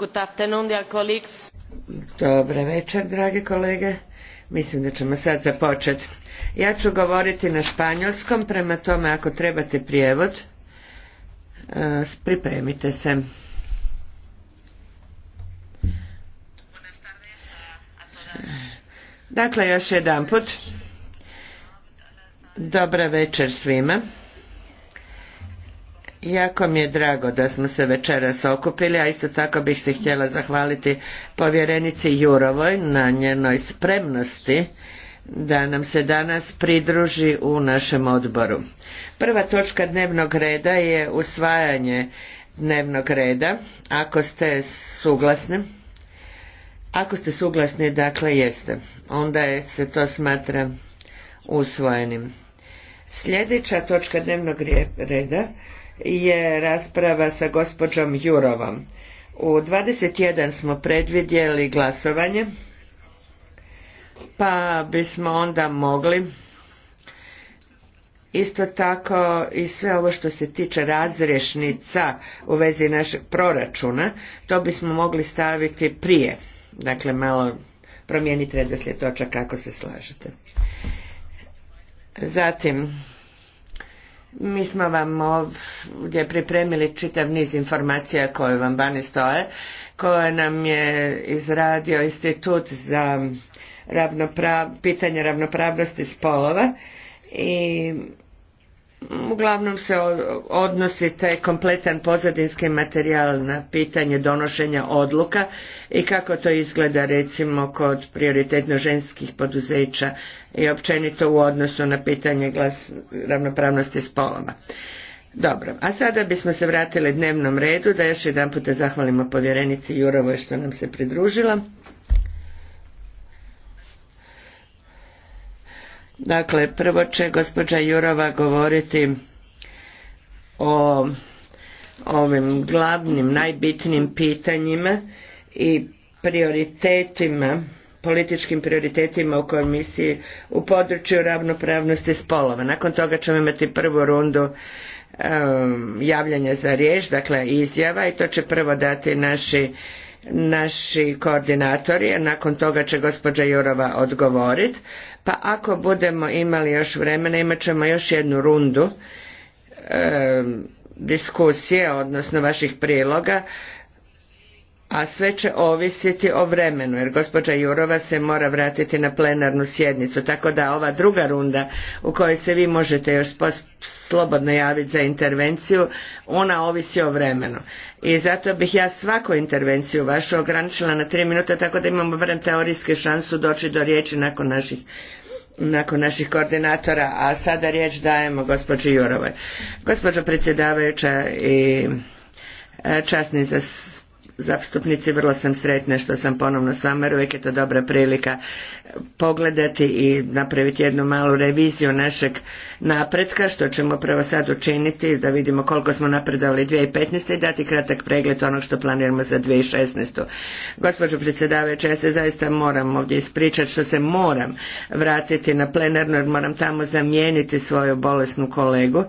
Good afternoon, večer, dragi kolege. Mislim da ćemo sad započeti. Ja ću govoriti na španjolskom, prema tome ako trebate prijevod, e, pripremite se. Dakle, još jedanput. Dobra večer svima. Jako mi je drago da smo se večeras okupili, a isto tako bih se htjela zahvaliti povjerenici Jurovoj na njenoj spremnosti da nam se danas pridruži u našem odboru. Prva točka dnevnog reda je usvajanje dnevnog reda. Ako ste suglasni, ako ste suglasni, dakle jeste, onda je, se to smatra usvojenim. Sljedeća točka dnevnog reda je rasprava sa gospođom Jurovom. U 21 smo predvidjeli glasovanje, pa bismo onda mogli isto tako i sve ovo što se tiče razrješnica u vezi našeg proračuna, to bismo mogli staviti prije. Dakle, malo promijeniti redoslijed točak kako se slažete. Zatim, mi smo vam ovdje pripremili čitav niz informacija koje vam vani stoje, koje nam je izradio Institut za pitanje ravnopravnosti spolova i uglavnom se odnosi taj kompletan pozadinski materijal na pitanje donošenja odluka i kako to izgleda recimo kod prioritetno ženskih poduzeća i općenito u odnosu na pitanje glas, ravnopravnosti spolova. Dobro, a sada bismo se vratili dnevnom redu da još jedanput zahvalimo povjerenici Jurovoj što nam se pridružila. Dakle, prvo će gospođa Jurova govoriti o ovim glavnim, najbitnijim pitanjima i prioritetima, političkim prioritetima u komisiji u području ravnopravnosti spolova. Nakon toga ćemo imati prvu rundu javljanja za riječ, dakle izjava i to će prvo dati naši naši koordinatori, a nakon toga će gospođa Jurova odgovoriti pa ako budemo imali još vremena imat ćemo još jednu rundu diskusije, odnosno vaših priloga a sve će ovisiti o vremenu jer gospođa Jurova se mora vratiti na plenarnu sjednicu tako da ova druga runda u kojoj se vi možete još slobodno javiti za intervenciju ona ovisi o vremenu i zato bih ja svaku intervenciju vašu ograničila na tri minuta, tako da imamo barem teorijske šansu doći do riječi nakon naših nakon naših koordinatora, a sada riječ dajemo gospođi Jurovoj. Gospođo predsjedavajuća i e, časni za zastupnici, vrlo sam sretna što sam ponovno s vama jer uvijek je to dobra prilika pogledati i napraviti jednu malu reviziju našeg napretka što ćemo prvo sad učiniti da vidimo koliko smo napredovali 2015. i dati kratak pregled onog što planiramo za 2016. Gospođo predsjedavajuća, ja se zaista moram ovdje ispričati što se moram vratiti na plenarno jer moram tamo zamijeniti svoju bolesnu kolegu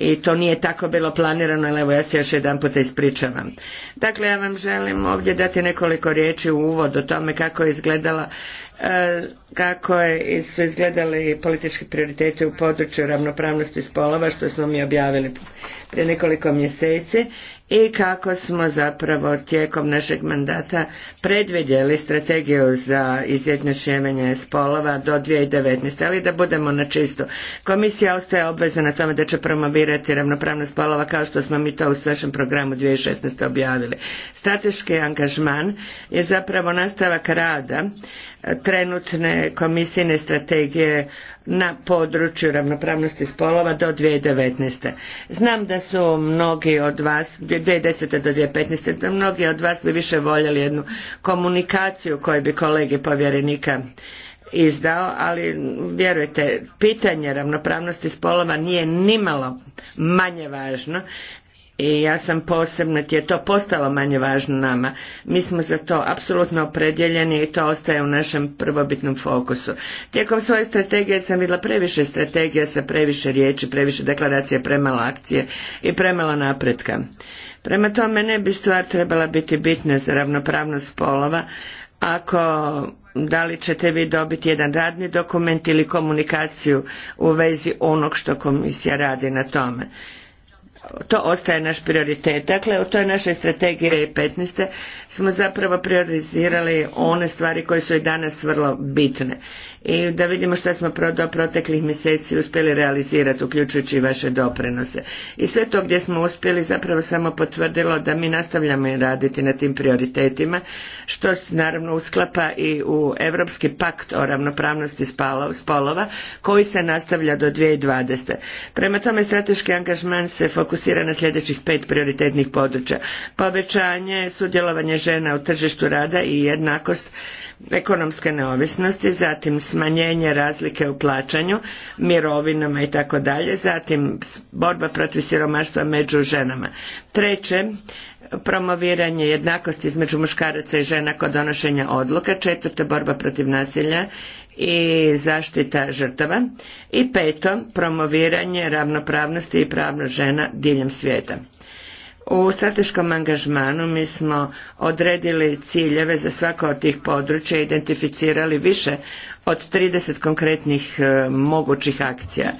i to nije tako bilo planirano, ali evo ja se još jedan puta ispričavam. Dakle, ja vam želim ovdje dati nekoliko riječi u uvod o tome kako je izgledala e, kako je, su izgledali politički prioriteti u području ravnopravnosti spolova što smo mi objavili prije nekoliko mjeseci i kako smo zapravo tijekom našeg mandata predvidjeli strategiju za izjednačivanje spolova do 2019. Ali da budemo na čisto. Komisija ostaje obvezna na tome da će promovirati ravnopravnost spolova kao što smo mi to u svešem programu 2016. objavili. Strateški angažman je zapravo nastavak rada trenutne komisijne strategije na području ravnopravnosti spolova do 2019. Znam da su mnogi od vas, 2010. do 2015. da mnogi od vas bi više voljeli jednu komunikaciju koju bi kolege povjerenika izdao, ali vjerujte, pitanje ravnopravnosti spolova nije nimalo manje važno i ja sam posebno ti je to postalo manje važno nama. Mi smo za to apsolutno opredjeljeni i to ostaje u našem prvobitnom fokusu. Tijekom svoje strategije sam vidjela previše strategija sa previše riječi, previše deklaracije, premalo akcije i premalo napretka. Prema tome ne bi stvar trebala biti bitna za ravnopravnost spolova ako da li ćete vi dobiti jedan radni dokument ili komunikaciju u vezi onog što komisija radi na tome to ostaje naš prioritet. Dakle, u toj našoj strategiji 2015. smo zapravo priorizirali one stvari koje su i danas vrlo bitne i da vidimo što smo do proteklih mjeseci uspjeli realizirati uključujući i vaše doprinose. I sve to gdje smo uspjeli zapravo samo potvrdilo da mi nastavljamo raditi na tim prioritetima što naravno usklapa i u Europski pakt o ravnopravnosti spolova koji se nastavlja do 2020. Prema tome strateški angažman se fokusira na sljedećih pet prioritetnih područja. Povećanje, sudjelovanje žena u tržištu rada i jednakost ekonomske neovisnosti, zatim smanjenje razlike u plaćanju, mirovinama i tako dalje, zatim borba protiv siromaštva među ženama. Treće, promoviranje jednakosti između muškaraca i žena kod donošenja odluka, četvrta borba protiv nasilja i zaštita žrtava i peto promoviranje ravnopravnosti i pravno žena diljem svijeta. U strateškom angažmanu mi smo odredili ciljeve za svako od tih područja, identificirali više od 30 konkretnih e, mogućih akcija.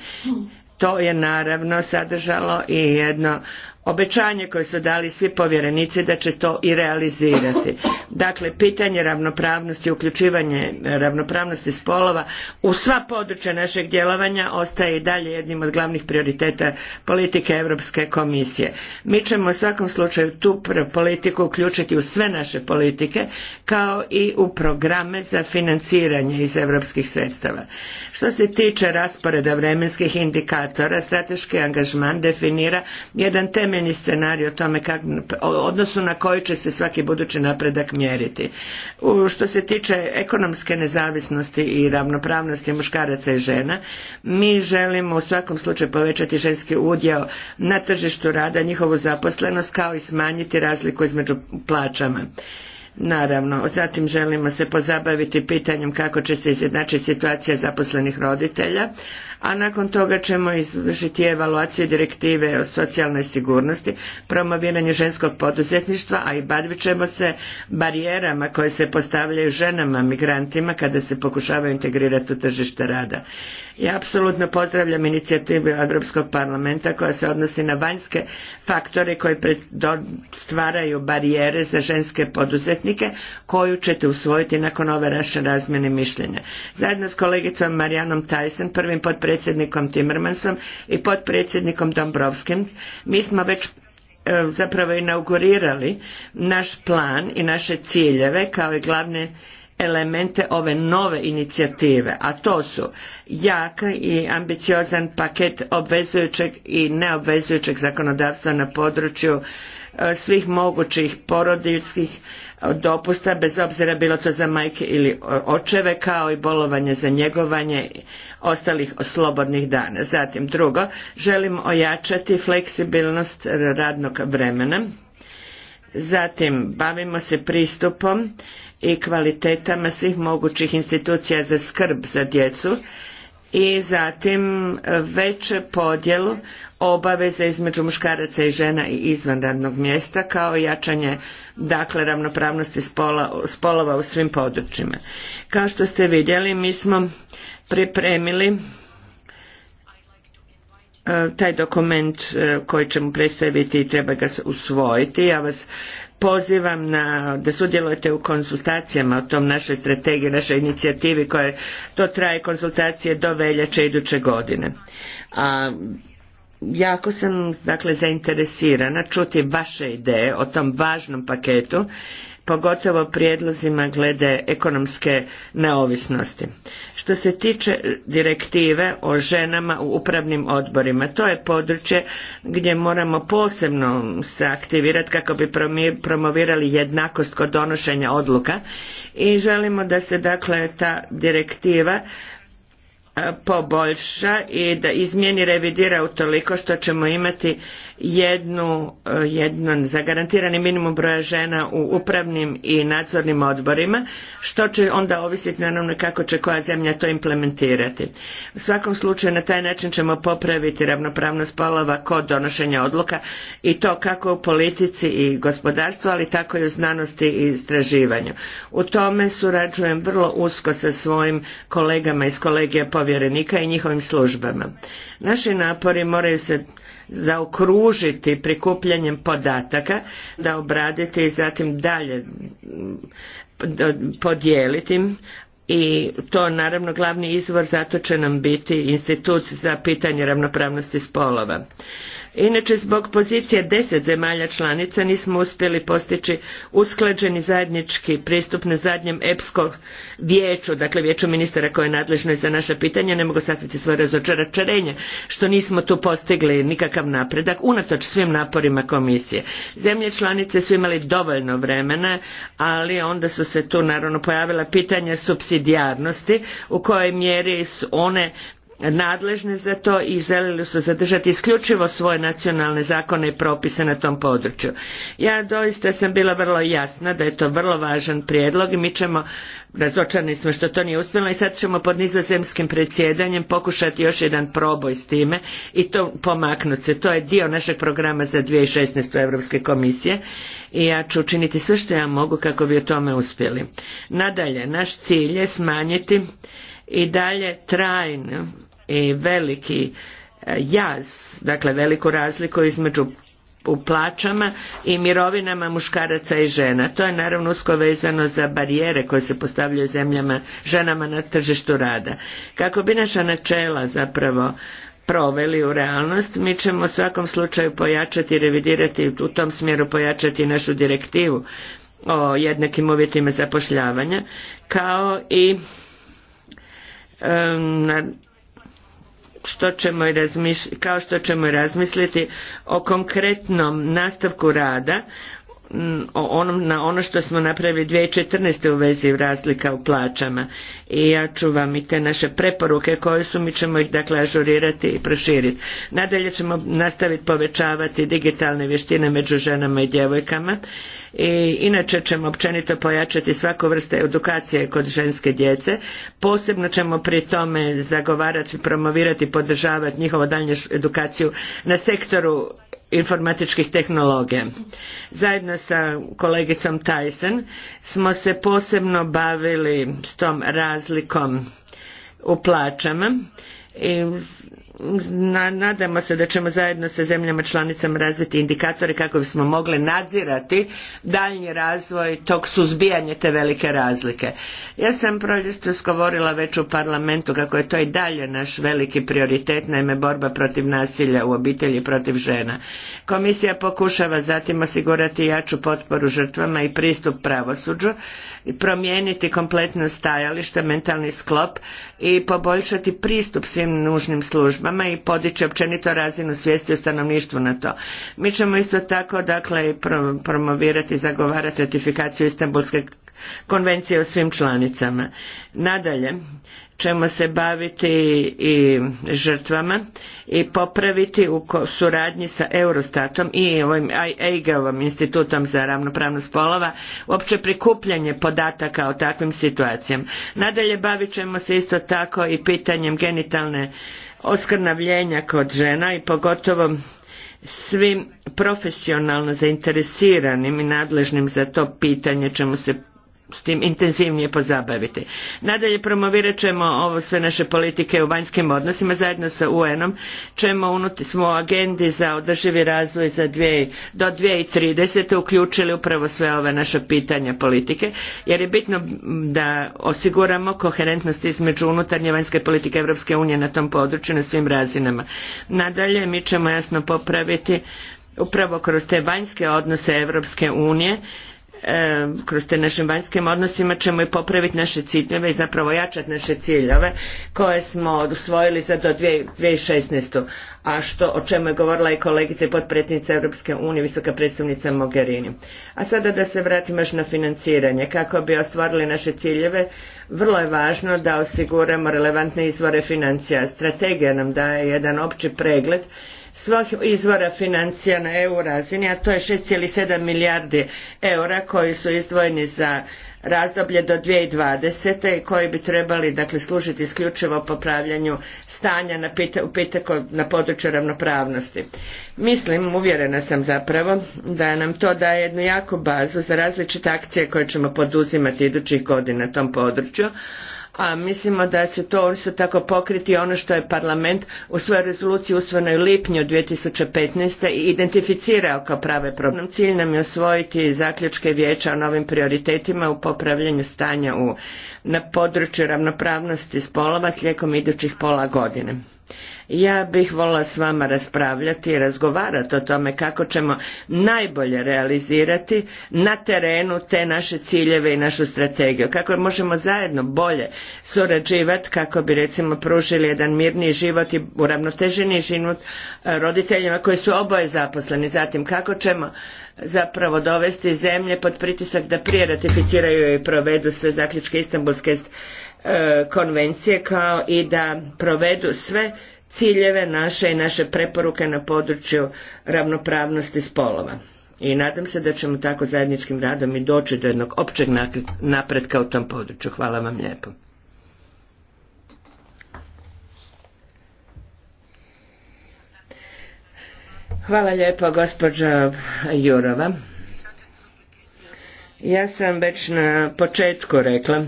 To je naravno sadržalo i jedno obećanje koje su dali svi povjerenici da će to i realizirati. Dakle, pitanje ravnopravnosti, uključivanje ravnopravnosti spolova u sva područja našeg djelovanja ostaje i dalje jednim od glavnih prioriteta politike Europske komisije. Mi ćemo u svakom slučaju tu politiku uključiti u sve naše politike kao i u programe za financiranje iz europskih sredstava. Što se tiče rasporeda vremenskih indikatora, strateški angažman definira jedan temelj izmijenjeni scenarij o tome kak, odnosu na koji će se svaki budući napredak mjeriti. U, što se tiče ekonomske nezavisnosti i ravnopravnosti muškaraca i žena, mi želimo u svakom slučaju povećati ženski udjel na tržištu rada, njihovu zaposlenost kao i smanjiti razliku između plaćama. Naravno, zatim želimo se pozabaviti pitanjem kako će se izjednačiti situacija zaposlenih roditelja, a nakon toga ćemo izvršiti evaluaciju direktive o socijalnoj sigurnosti, promoviranje ženskog poduzetništva, a i bavit ćemo se barijerama koje se postavljaju ženama, migrantima, kada se pokušavaju integrirati u tržište rada. Ja apsolutno pozdravljam inicijativu Europskog parlamenta koja se odnosi na vanjske faktore koji stvaraju barijere za ženske poduzetnike koju ćete usvojiti nakon ove naše razmjene mišljenja. Zajedno s kolegicom Marijanom Tyson, prvim potpredsjednikom predsjednikom Timmermansom i potpredsjednikom Dombrovskim, mi smo već e, zapravo inaugurirali naš plan i naše ciljeve kao i glavne elemente ove nove inicijative, a to su jak i ambiciozan paket obvezujućeg i neobvezujućeg zakonodavstva na području e, svih mogućih porodiljskih dopusta bez obzira bilo to za majke ili e, očeve kao i bolovanje za njegovanje ostalih slobodnih dana. Zatim drugo, želimo ojačati fleksibilnost radnog vremena. Zatim bavimo se pristupom i kvalitetama svih mogućih institucija za skrb za djecu i zatim veće podjelu obaveze između muškaraca i žena i izvan radnog mjesta kao jačanje dakle ravnopravnosti spolova u svim područjima. Kao što ste vidjeli mi smo pripremili e, taj dokument e, koji ćemo predstaviti i treba ga usvojiti. Ja vas pozivam na, da sudjelujete u konsultacijama o tom našoj strategiji, našoj inicijativi koja to traje konsultacije do veljače iduće godine. A, jako sam dakle zainteresirana čuti vaše ideje o tom važnom paketu pogotovo prijedlozima glede ekonomske neovisnosti. Što se tiče direktive o ženama u upravnim odborima, to je područje gdje moramo posebno se aktivirati kako bi promovirali jednakost kod donošenja odluka i želimo da se dakle ta direktiva E, poboljša i da izmijeni revidira utoliko što ćemo imati jednu, e, jedan zagarantirani minimum broja žena u upravnim i nadzornim odborima što će onda ovisiti naravno kako će koja zemlja to implementirati. U svakom slučaju na taj način ćemo popraviti ravnopravnost spolova kod donošenja odluka i to kako u politici i gospodarstvu ali tako i u znanosti i istraživanju. U tome surađujem vrlo usko sa svojim kolegama iz kolegija povjerenika i njihovim službama. Naši napori moraju se zaokružiti prikupljanjem podataka, da obraditi i zatim dalje mm, podijeliti i to naravno glavni izvor zato će nam biti institut za pitanje ravnopravnosti spolova. Inače, zbog pozicije deset zemalja članica nismo uspjeli postići usklađeni zajednički pristup na zadnjem Epskom vijeću, dakle vijeću ministara koje je nadležno za naša pitanja, ne mogu sakriti svoje razočaračarenje što nismo tu postigli nikakav napredak, unatoč svim naporima komisije. Zemlje članice su imali dovoljno vremena, ali onda su se tu naravno pojavila pitanja supsidijarnosti u kojoj mjeri su one nadležne za to i željeli su zadržati isključivo svoje nacionalne zakone i propise na tom području. Ja doista sam bila vrlo jasna da je to vrlo važan prijedlog i mi ćemo, razočarni smo što to nije uspjelo i sad ćemo pod nizozemskim predsjedanjem pokušati još jedan proboj s time i to pomaknuti se. To je dio našeg programa za 2016. Europske komisije i ja ću učiniti sve što ja mogu kako bi o tome uspjeli. Nadalje, naš cilj je smanjiti i dalje trajno i veliki e, jaz, dakle veliku razliku između u plaćama i mirovinama muškaraca i žena. To je naravno usko vezano za barijere koje se postavljaju zemljama, ženama na tržištu rada. Kako bi naša načela zapravo proveli u realnost, mi ćemo u svakom slučaju pojačati, revidirati, u tom smjeru pojačati našu direktivu o jednakim uvjetima zapošljavanja, kao i što ćemo kao što ćemo i razmisliti o konkretnom nastavku rada o onom, na ono što smo napravili 2014. u vezi razlika u plaćama i ja ću vam i te naše preporuke koje su mi ćemo ih dakle ažurirati i proširiti. Nadalje ćemo nastaviti povećavati digitalne vještine među ženama i djevojkama i inače ćemo općenito pojačati svaku vrstu edukacije kod ženske djece. Posebno ćemo pri tome zagovarati, promovirati, podržavati njihovu daljnju edukaciju na sektoru informatičkih tehnologija. Zajedno sa kolegicom Tyson smo se posebno bavili s tom razlikom u plaćama i nadamo se da ćemo zajedno sa zemljama članicama razviti indikatore kako bismo mogli nadzirati daljnji razvoj tog suzbijanja te velike razlike. Ja sam proljetos govorila već u parlamentu kako je to i dalje naš veliki prioritet, naime borba protiv nasilja u obitelji protiv žena. Komisija pokušava zatim osigurati jaču potporu žrtvama i pristup pravosuđu promijeniti kompletno stajalište, mentalni sklop i poboljšati pristup svim nužnim službama i podići općenito razinu svijesti u stanovništvu na to. Mi ćemo isto tako dakle promovirati i zagovarati ratifikaciju Istanbulske konvencije u svim članicama. Nadalje ćemo se baviti i žrtvama i popraviti u suradnji sa Eurostatom i ovim EIGE-ovom institutom za ravnopravnost spolova uopće prikupljanje podataka o takvim situacijama. Nadalje bavit ćemo se isto tako i pitanjem genitalne oskrnavljenja kod žena i pogotovo svim profesionalno zainteresiranim i nadležnim za to pitanje ćemo se s tim intenzivnije pozabaviti. Nadalje promovirat ćemo ovo sve naše politike u vanjskim odnosima zajedno sa UN-om ćemo unuti smo u agendi za održivi razvoj za dvije, do 2030. uključili upravo sve ove naše pitanja politike jer je bitno da osiguramo koherentnost između unutarnje vanjske politike Europske unije na tom području na svim razinama. Nadalje mi ćemo jasno popraviti upravo kroz te vanjske odnose Europske unije kroz te našim vanjskim odnosima ćemo i popraviti naše ciljeve i zapravo jačati naše ciljeve koje smo usvojili za do 2016. a što o čemu je govorila i kolegica i potpredsjednica Europske unije visoka predstavnica Mogherini. A sada da se vratimo još na financiranje. Kako bi ostvarili naše ciljeve vrlo je važno da osiguramo relevantne izvore financija. Strategija nam daje jedan opći pregled svih izvora financija na EU razini, a to je 6,7 milijardi eura koji su izdvojeni za razdoblje do 2020. i koji bi trebali dakle, služiti isključivo popravljanju stanja na, pita, na području ravnopravnosti. Mislim, uvjerena sam zapravo, da nam to daje jednu jaku bazu za različite akcije koje ćemo poduzimati idućih godina na tom području, a mislimo da će to isto tako pokriti ono što je parlament u svojoj rezoluciji usvojenoj u lipnju 2015. i identificirao kao prave problem. Cilj nam je osvojiti zaključke vijeća o novim prioritetima u popravljanju stanja u, na području ravnopravnosti spolova tijekom idućih pola godine. Ja bih volila s vama raspravljati i razgovarati o tome kako ćemo najbolje realizirati na terenu te naše ciljeve i našu strategiju. Kako možemo zajedno bolje surađivati kako bi recimo pružili jedan mirniji život i uravnoteženiji život e, roditeljima koji su oboje zaposleni. Zatim kako ćemo zapravo dovesti zemlje pod pritisak da prije ratificiraju i provedu sve zaključke Istanbulske E, konvencije kao i da provedu sve ciljeve naše i naše preporuke na području ravnopravnosti spolova. I nadam se da ćemo tako zajedničkim radom i doći do jednog općeg napretka u tom području. Hvala vam lijepo. Hvala lijepo gospođa Jurova. Ja sam već na početku rekla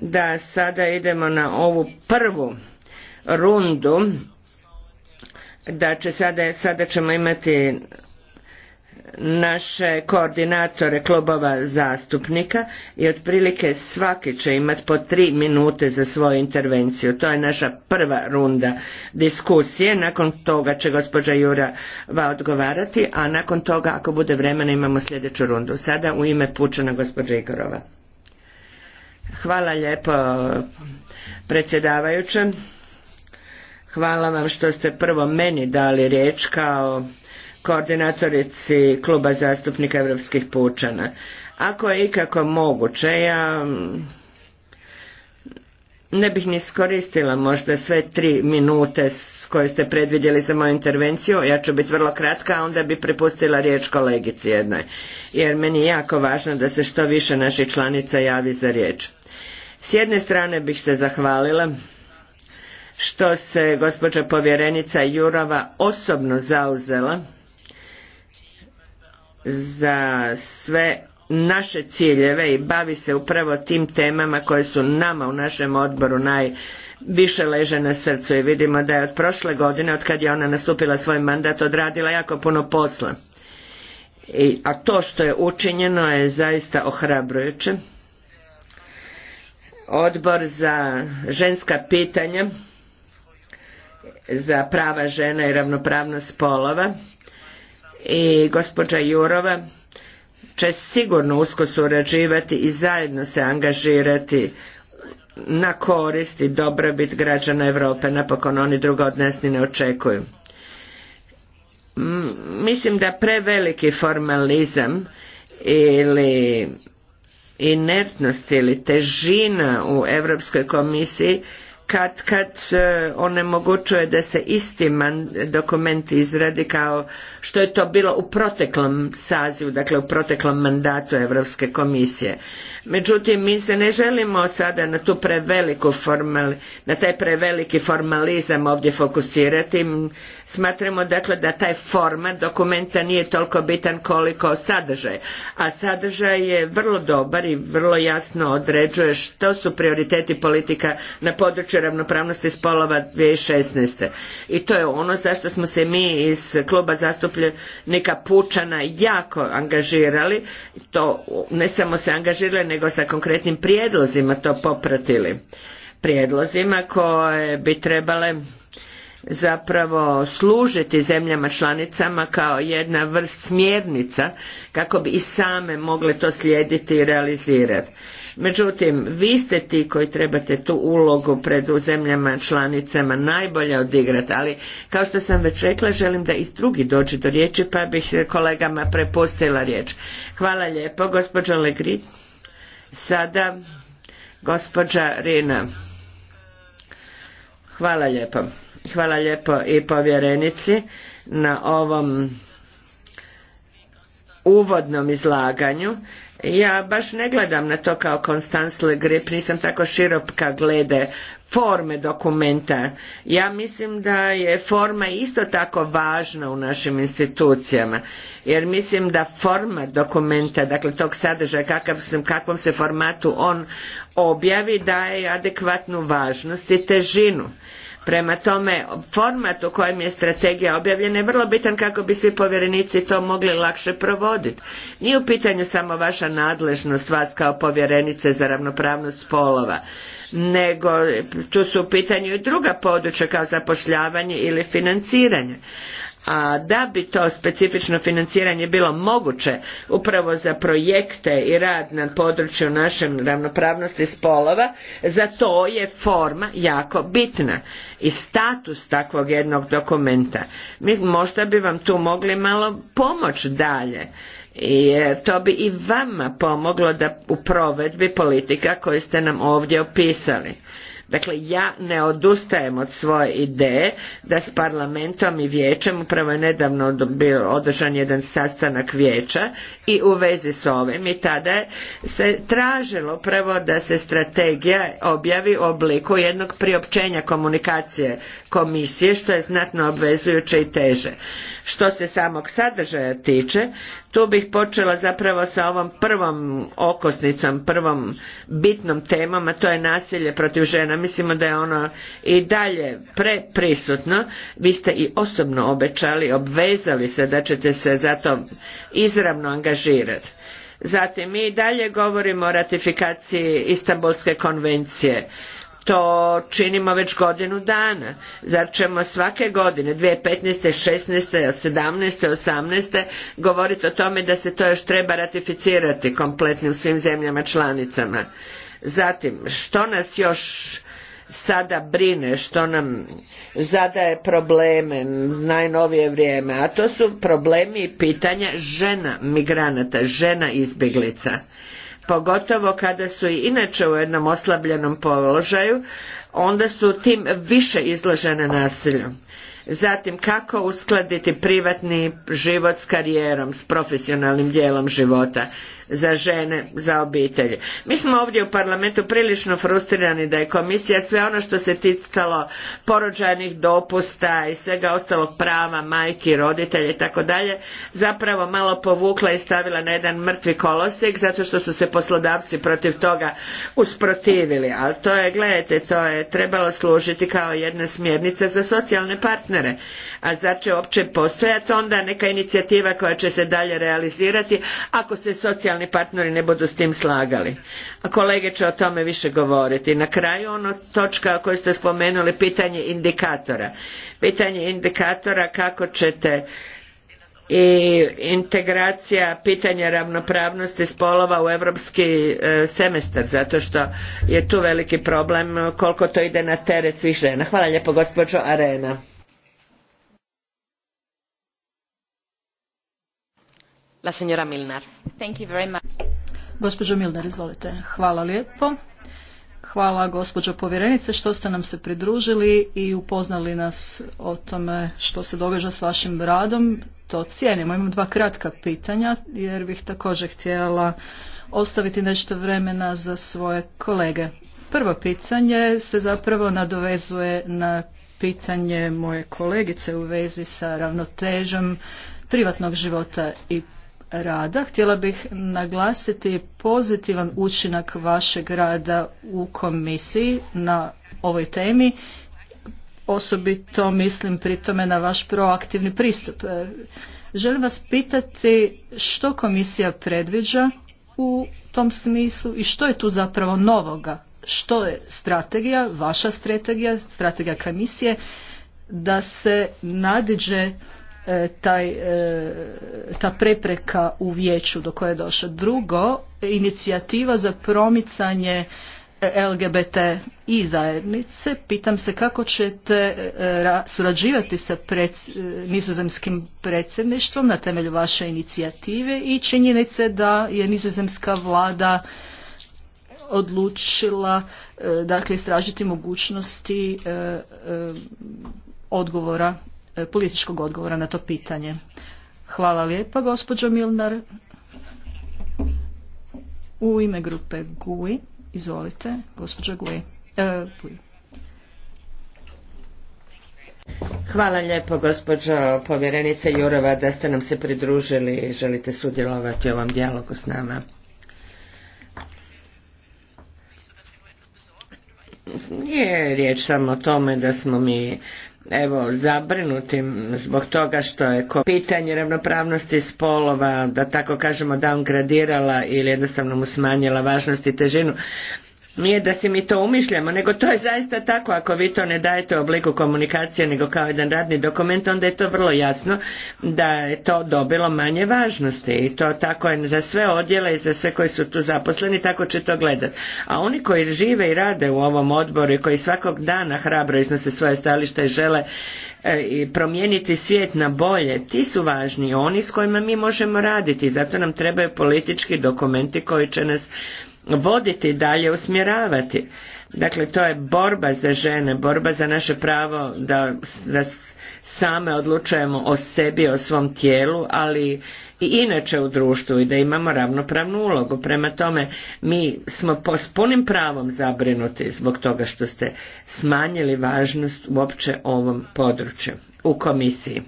da sada idemo na ovu prvu rundu da će sada, sada ćemo imati naše koordinatore klubova zastupnika i otprilike svaki će imati po tri minute za svoju intervenciju. To je naša prva runda diskusije. Nakon toga će gospođa va odgovarati, a nakon toga ako bude vremena imamo sljedeću rundu. Sada u ime pučana gospođa Igorova. Hvala lijepo predsjedavajućem Hvala vam što ste prvo meni dali riječ kao koordinatorici Kluba zastupnika Europskih pučana. Ako je ikako moguće, ja mm, ne bih ni iskoristila možda sve tri minute koje ste predvidjeli za moju intervenciju, ja ću biti vrlo kratka, a onda bi prepustila riječ kolegici jednoj, jer meni je jako važno da se što više naših članica javi za riječ. S jedne strane bih se zahvalila što se gospođa povjerenica Jurova osobno zauzela za sve naše ciljeve i bavi se upravo tim temama koje su nama u našem odboru najviše leže na srcu i vidimo da je od prošle godine od kad je ona nastupila svoj mandat odradila jako puno posla. a to što je učinjeno je zaista ohrabrujuće odbor za ženska pitanja za prava žena i ravnopravnost spolova i gospođa Jurova će sigurno usko surađivati i zajedno se angažirati na korist i dobrobit građana Europe, napokon oni druga od nas ni ne očekuju. mislim da preveliki formalizam ili inertnost ili težina u Europskoj komisiji kad kad e, onemogućuje da se isti dokument izradi kao što je to bilo u proteklom sazivu, dakle u proteklom mandatu Europske komisije. Međutim, mi se ne želimo sada na tu preveliku formal, na taj preveliki formalizam ovdje fokusirati. Smatramo dakle da taj format dokumenta nije toliko bitan koliko sadržaj. A sadržaj je vrlo dobar i vrlo jasno određuje što su prioriteti politika na području ravnopravnosti spolova 2016. I to je ono zašto smo se mi iz kluba zastupnika Pučana jako angažirali. To ne samo se angažirali nego sa konkretnim prijedlozima to popratili. Prijedlozima koje bi trebale zapravo služiti zemljama članicama kao jedna vrst smjernica kako bi i same mogle to slijediti i realizirati. Međutim, vi ste ti koji trebate tu ulogu pred zemljama članicama najbolje odigrati, ali kao što sam već rekla, želim da i drugi dođu do riječi, pa bih kolegama prepustila riječ. Hvala lijepo, gospođo Legri. Sada gospođa Rina. Hvala lijepo. Hvala lijepo i povjerenici na ovom uvodnom izlaganju ja baš ne gledam na to kao Konstanz Le Grip, nisam tako široka glede forme dokumenta. Ja mislim da je forma isto tako važna u našim institucijama, jer mislim da forma dokumenta, dakle tog sadržaja, kakav, kakvom se formatu on objavi, daje adekvatnu važnost i težinu Prema tome, format u kojem je strategija objavljena je vrlo bitan kako bi svi povjerenici to mogli lakše provoditi. Nije u pitanju samo vaša nadležnost vas kao povjerenice za ravnopravnost spolova nego tu su u pitanju i druga područja kao zapošljavanje ili financiranje. A da bi to specifično financiranje bilo moguće upravo za projekte i rad na području našem ravnopravnosti spolova, za to je forma jako bitna i status takvog jednog dokumenta. možda bi vam tu mogli malo pomoći dalje i to bi i vama pomoglo da u provedbi politika koje ste nam ovdje opisali. Dakle, ja ne odustajem od svoje ideje da s parlamentom i vijećem, upravo je nedavno bio održan jedan sastanak vijeća i u vezi s ovim i tada se tražilo upravo da se strategija objavi u obliku jednog priopćenja komunikacije komisije što je znatno obvezujuće i teže. Što se samog sadržaja tiče, tu bih počela zapravo sa ovom prvom okosnicom, prvom bitnom temom, a to je nasilje protiv žena. Mislimo da je ono i dalje preprisutno. Vi ste i osobno obećali, obvezali se da ćete se zato izravno angažirati. Zatim mi i dalje govorimo o ratifikaciji Istanbulske konvencije to činimo već godinu dana. Zar ćemo svake godine, 2015. 16. 17. 18. govoriti o tome da se to još treba ratificirati kompletno u svim zemljama članicama. Zatim, što nas još sada brine, što nam zadaje probleme najnovije vrijeme, a to su problemi i pitanja žena migranata, žena izbjeglica pogotovo kada su i inače u jednom oslabljenom položaju, onda su tim više izložene nasilju. Zatim, kako uskladiti privatni život s karijerom, s profesionalnim dijelom života za žene, za obitelji. Mi smo ovdje u parlamentu prilično frustrirani da je komisija sve ono što se ticalo porođajnih dopusta i svega ostalog prava majki, roditelja i tako dalje, zapravo malo povukla i stavila na jedan mrtvi kolosek zato što su se poslodavci protiv toga usprotivili. A to je, gledajte, to je trebalo služiti kao jedna smjernica za socijalne partnere. A zar će uopće postojati onda neka inicijativa koja će se dalje realizirati ako se socijalni socijalni partneri ne budu s tim slagali. A kolege će o tome više govoriti. Na kraju ono točka koju ste spomenuli, pitanje indikatora. Pitanje indikatora kako ćete i integracija pitanja ravnopravnosti spolova u europski e, semestar zato što je tu veliki problem koliko to ide na teret svih žena. Hvala lijepo gospođo Arena. La Milnar. Hvala lijepo. Hvala gospođo povjerenice što ste nam se pridružili i upoznali nas o tome što se događa s vašim radom. To cijenimo. Imam dva kratka pitanja jer bih također htjela ostaviti nešto vremena za svoje kolege. Prvo pitanje se zapravo nadovezuje na pitanje moje kolegice u vezi sa ravnotežom privatnog života i rada. Htjela bih naglasiti pozitivan učinak vašeg rada u komisiji na ovoj temi. Osobito mislim pri tome na vaš proaktivni pristup. E, želim vas pitati što komisija predviđa u tom smislu i što je tu zapravo novoga? Što je strategija, vaša strategija, strategija komisije da se nadiđe E, taj, e, ta prepreka u vijeću do koje je došla. Drugo, inicijativa za promicanje e, LGBT i zajednice. Pitam se kako ćete surađivati sa nizozemskim predsjedništvom na temelju vaše inicijative i činjenice da je nizozemska vlada odlučila dakle istražiti mogućnosti odgovora E, političkog odgovora na to pitanje. Hvala lijepa, gospođo Milnar. U ime grupe GUI, izvolite, gospođo GUI. E, GUI. Hvala lijepo gospođo povjerenice Jurova da ste nam se pridružili i želite sudjelovati u ovom dijalogu s nama. Nije riječ samo o tome da smo mi evo zabrinutim zbog toga što je pitanje ravnopravnosti spolova da tako kažemo downgradirala ili jednostavno mu smanjila važnost i težinu nije da si mi to umišljamo, nego to je zaista tako. Ako vi to ne dajete u obliku komunikacije, nego kao jedan radni dokument, onda je to vrlo jasno da je to dobilo manje važnosti. I to tako je za sve odjele i za sve koji su tu zaposleni, tako će to gledati. A oni koji žive i rade u ovom odboru i koji svakog dana hrabro iznose svoje stajalište i žele e, i promijeniti svijet na bolje, ti su važni, oni s kojima mi možemo raditi, zato nam trebaju politički dokumenti koji će nas voditi dalje, usmjeravati. Dakle, to je borba za žene, borba za naše pravo da, same odlučujemo o sebi, o svom tijelu, ali i inače u društvu i da imamo ravnopravnu ulogu. Prema tome, mi smo s punim pravom zabrinuti zbog toga što ste smanjili važnost uopće ovom području u komisiji.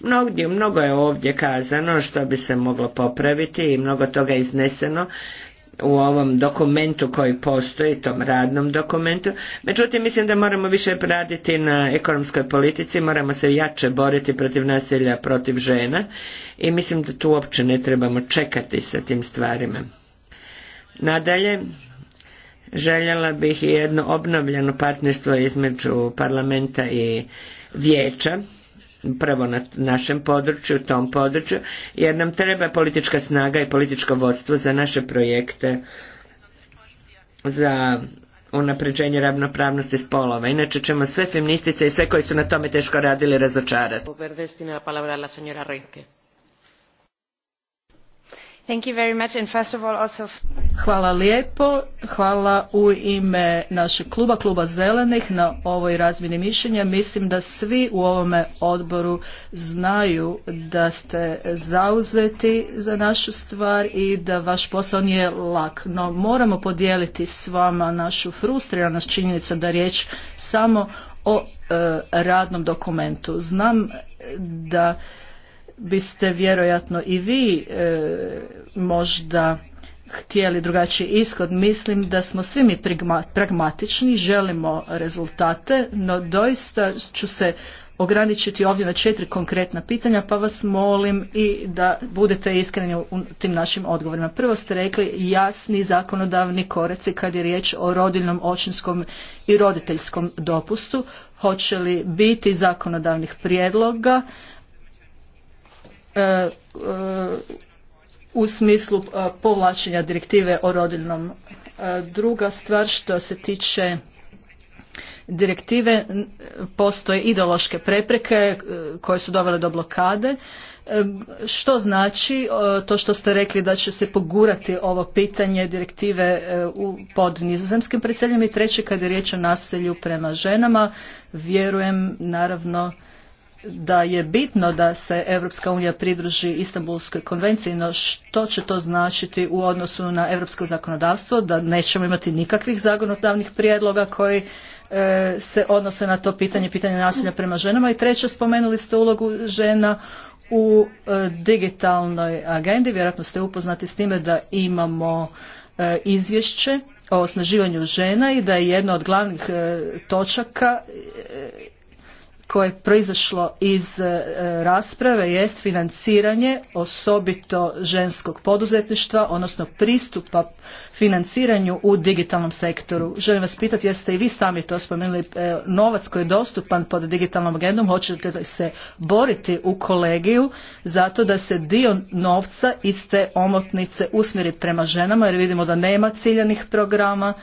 Mnogdje, mnogo je ovdje kazano što bi se moglo popraviti i mnogo toga izneseno u ovom dokumentu koji postoji, tom radnom dokumentu. Međutim, mislim da moramo više raditi na ekonomskoj politici, moramo se jače boriti protiv nasilja, protiv žena i mislim da tu uopće ne trebamo čekati sa tim stvarima. Nadalje, željela bih jedno obnovljeno partnerstvo između parlamenta i vijeća prvo na našem području, u tom području, jer nam treba politička snaga i političko vodstvo za naše projekte, za unapređenje ravnopravnosti spolova. Inače ćemo sve feministice i sve koji su na tome teško radili razočarati. Hvala lijepo, hvala u ime našeg kluba, kluba zelenih na ovoj razmjeni mišljenja. Mislim da svi u ovome odboru znaju da ste zauzeti za našu stvar i da vaš posao nije lak. No moramo podijeliti s vama našu frustriranost činjenica da je riječ samo o e, radnom dokumentu. Znam da biste vjerojatno i vi e, možda htjeli drugačiji ishod. Mislim da smo svi mi pragmatični, želimo rezultate, no doista ću se ograničiti ovdje na četiri konkretna pitanja, pa vas molim i da budete iskreni u tim našim odgovorima. Prvo ste rekli jasni zakonodavni koreci kad je riječ o rodiljnom, očinskom i roditeljskom dopustu. Hoće li biti zakonodavnih prijedloga E, e, u smislu e, povlačenja direktive o rodiljnom. Druga stvar što se tiče direktive postoje ideološke prepreke koje su dovele do blokade. Što znači to što ste rekli da će se pogurati ovo pitanje direktive pod nizozemskim predsjedanjem i treće kada je riječ o nasilju prema ženama, vjerujem naravno da je bitno da se Europska unija pridruži Istanbulskoj konvenciji, no što će to značiti u odnosu na europsko zakonodavstvo, da nećemo imati nikakvih zakonodavnih prijedloga koji e, se odnose na to pitanje, pitanje nasilja prema ženama. I treće, spomenuli ste ulogu žena u e, digitalnoj agendi. Vjerojatno ste upoznati s time da imamo e, izvješće o osnaživanju žena i da je jedna od glavnih točaka koje je proizašlo iz e, rasprave jest financiranje osobito ženskog poduzetništva, odnosno pristupa financiranju u digitalnom sektoru. Želim vas pitati, jeste i vi sami to spomenuli, e, novac koji je dostupan pod digitalnom agendom, hoćete li se boriti u kolegiju zato da se dio novca iz te omotnice usmjeri prema ženama, jer vidimo da nema ciljanih programa,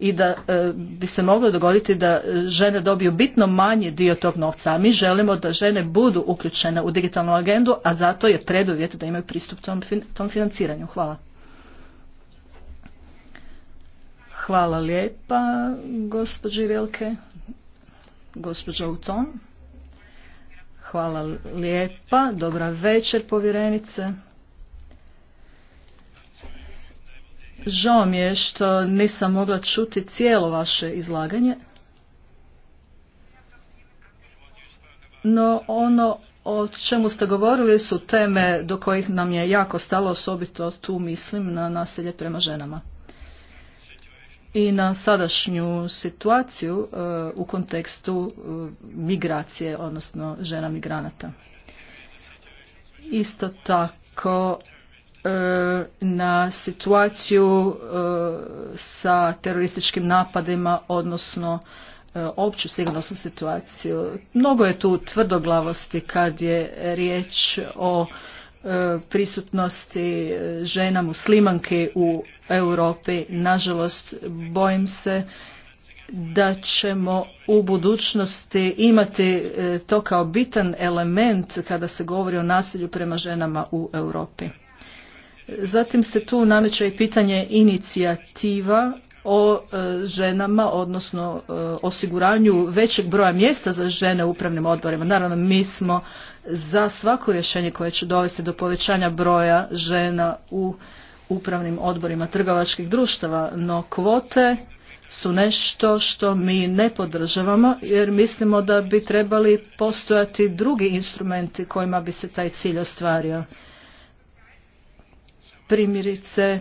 i da e, bi se moglo dogoditi da e, žene dobiju bitno manji dio tog novca, a mi želimo da žene budu uključene u digitalnu agendu, a zato je preduvjet da imaju pristup tom, tom financiranju. Hvala. Hvala lijepa, gospođi Rilke, gospođa Uton. Hvala lijepa, dobra večer povjerenice. Žao mi je što nisam mogla čuti cijelo vaše izlaganje. No ono o čemu ste govorili su teme do kojih nam je jako stalo, osobito tu mislim na nasilje prema ženama i na sadašnju situaciju e, u kontekstu e, migracije, odnosno žena migranata. Isto tako E, na situaciju e, sa terorističkim napadima, odnosno e, opću sigurnosnu situaciju. Mnogo je tu tvrdoglavosti kad je riječ o prisutnosti žena muslimanke u Europi. Nažalost, bojim se da ćemo u budućnosti imati to kao bitan element kada se govori o nasilju prema ženama u Europi. Zatim se tu nameće i pitanje inicijativa o e, ženama, odnosno e, osiguranju većeg broja mjesta za žene u upravnim odborima. Naravno, mi smo za svako rješenje koje će dovesti do povećanja broja žena u upravnim odborima trgovačkih društava, no kvote su nešto što mi ne podržavamo jer mislimo da bi trebali postojati drugi instrumenti kojima bi se taj cilj ostvario primjerice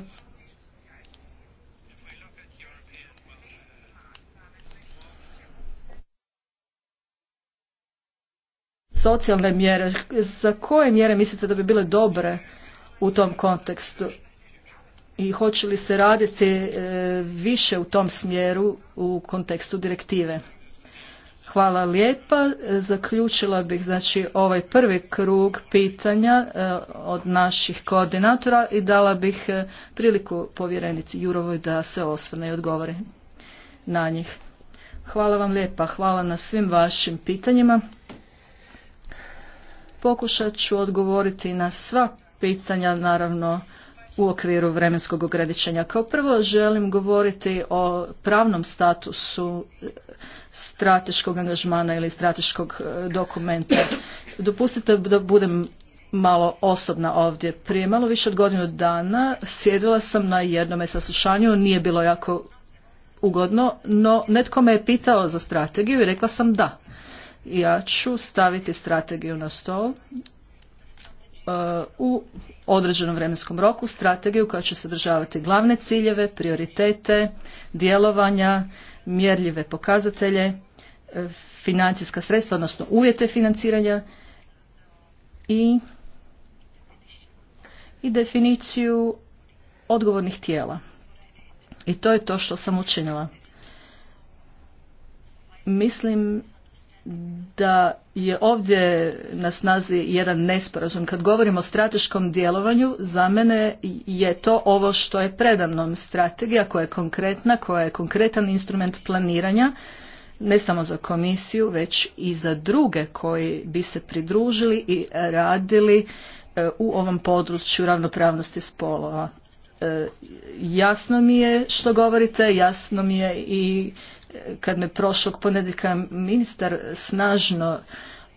socijalne mjere, za koje mjere mislite da bi bile dobre u tom kontekstu i hoće li se raditi e, više u tom smjeru u kontekstu direktive? Hvala lijepa. Zaključila bih znači ovaj prvi krug pitanja e, od naših koordinatora i dala bih e, priliku povjerenici Jurovoj da se osvrne i odgovori na njih. Hvala vam lijepa, hvala na svim vašim pitanjima. Pokušat ću odgovoriti na sva pitanja, naravno u okviru vremenskog ograničenja. Kao prvo želim govoriti o pravnom statusu e, strateškog angažmana ili strateškog e, dokumenta. Dopustite da budem malo osobna ovdje. Prije malo više od godinu dana sjedila sam na jednome saslušanju, nije bilo jako ugodno, no netko me je pitao za strategiju i rekla sam da. Ja ću staviti strategiju na stol u određenom vremenskom roku strategiju koja će sadržavati glavne ciljeve, prioritete, djelovanja, mjerljive pokazatelje, e, financijska sredstva, odnosno uvjete financiranja i, i definiciju odgovornih tijela. I to je to što sam učinila. Mislim da je ovdje na snazi jedan nesporazum. Kad govorimo o strateškom djelovanju, za mene je to ovo što je predamnom strategija koja je konkretna, koja je konkretan instrument planiranja, ne samo za komisiju, već i za druge koji bi se pridružili i radili e, u ovom području ravnopravnosti spolova. E, jasno mi je što govorite, jasno mi je i kad me prošlog ponedjeljka ministar snažno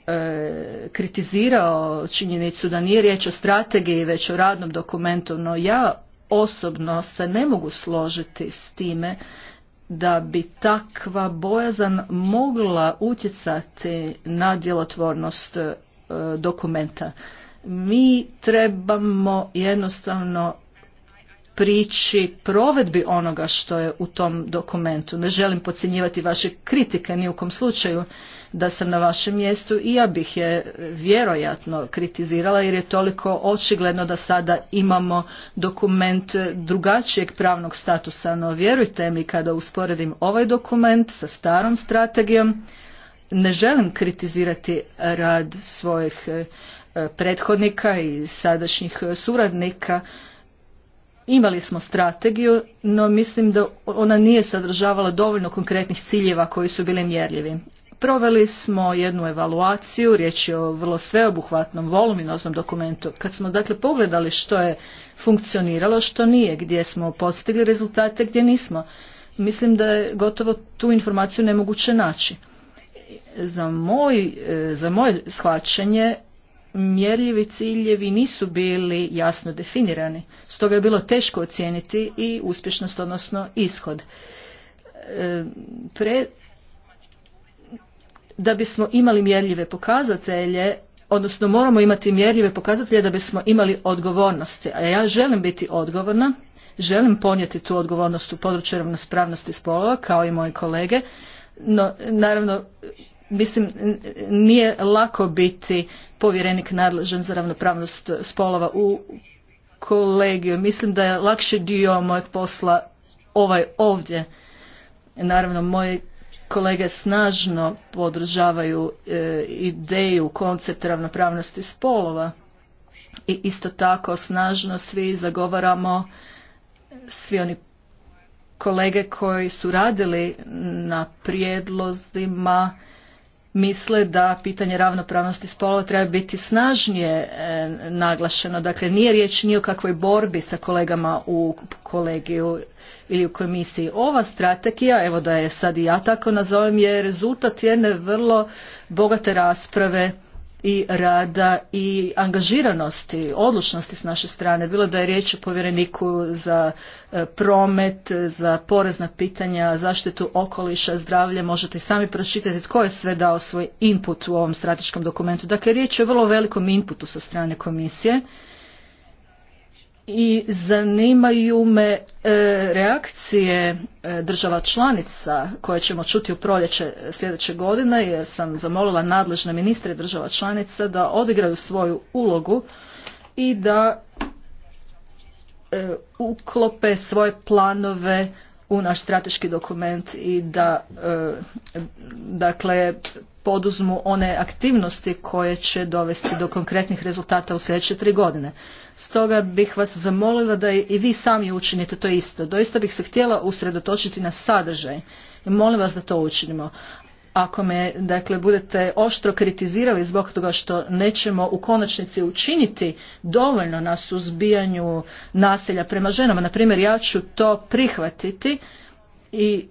e, kritizirao činjenicu da nije riječ o strategiji već o radnom dokumentu, no ja osobno se ne mogu složiti s time da bi takva bojazan mogla utjecati na djelotvornost e, dokumenta. Mi trebamo jednostavno prići provedbi onoga što je u tom dokumentu. Ne želim podcjenjivati vaše kritike ni u kom slučaju da sam na vašem mjestu i ja bih je vjerojatno kritizirala jer je toliko očigledno da sada imamo dokument drugačijeg pravnog statusa, no vjerujte mi kada usporedim ovaj dokument sa starom strategijom, ne želim kritizirati rad svojih eh, prethodnika i sadašnjih suradnika Imali smo strategiju, no mislim da ona nije sadržavala dovoljno konkretnih ciljeva koji su bili mjerljivi. Proveli smo jednu evaluaciju, riječ je o vrlo sveobuhvatnom, voluminoznom dokumentu. Kad smo dakle pogledali što je funkcioniralo, što nije, gdje smo postigli rezultate, gdje nismo, mislim da je gotovo tu informaciju nemoguće naći. Za, e, za moje shvaćanje mjerljivi ciljevi nisu bili jasno definirani, stoga je bilo teško ocijeniti i uspješnost, odnosno ishod. E, da bismo imali mjerljive pokazatelje, odnosno moramo imati mjerljive pokazatelje da bismo imali odgovornosti. A ja želim biti odgovorna, želim ponijeti tu odgovornost u području ravnospravnosti spolova, kao i moji kolege, no naravno mislim nije lako biti povjerenik nadležan za ravnopravnost spolova u kolegiju. Mislim da je lakši dio mojeg posla ovaj ovdje. Naravno, moje kolege snažno podržavaju e, ideju, koncept ravnopravnosti spolova i isto tako snažno svi zagovaramo svi oni kolege koji su radili na prijedlozima misle da pitanje ravnopravnosti spolova treba biti snažnije e, naglašeno. Dakle, nije riječ ni o kakvoj borbi sa kolegama u kolegiju ili u komisiji. Ova strategija, evo da je sad i ja tako nazovem, je rezultat jedne vrlo bogate rasprave i rada i angažiranosti, odlučnosti s naše strane, bilo da je riječ o povjereniku za e, promet, za porezna pitanja, zaštitu okoliša, zdravlje, možete sami pročitati tko je sve dao svoj input u ovom strateškom dokumentu. Dakle, riječ je o vrlo velikom inputu sa strane komisije i zanimaju me e, reakcije e, država članica koje ćemo čuti u proljeće sljedeće godine jer sam zamolila nadležne ministre država članica da odigraju svoju ulogu i da e, uklope svoje planove u naš strateški dokument i da e, dakle poduzmu one aktivnosti koje će dovesti do konkretnih rezultata u sljedeće tri godine. Stoga bih vas zamolila da i vi sami učinite to isto. Doista bih se htjela usredotočiti na sadržaj i molim vas da to učinimo ako me dakle budete oštro kritizirali zbog toga što nećemo u konačnici učiniti dovoljno na suzbijanju nasilja prema ženama, na primjer ja ću to prihvatiti i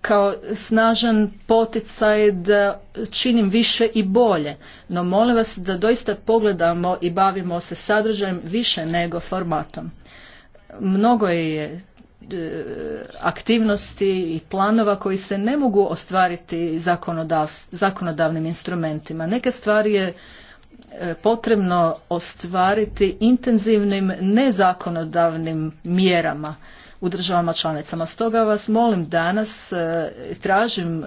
kao snažan poticaj da činim više i bolje. No molim vas da doista pogledamo i bavimo se sadržajem više nego formatom. Mnogo je E, aktivnosti i planova koji se ne mogu ostvariti zakonodavnim instrumentima. Neke stvari je e, potrebno ostvariti intenzivnim nezakonodavnim mjerama u državama članicama. Stoga vas molim danas, e, tražim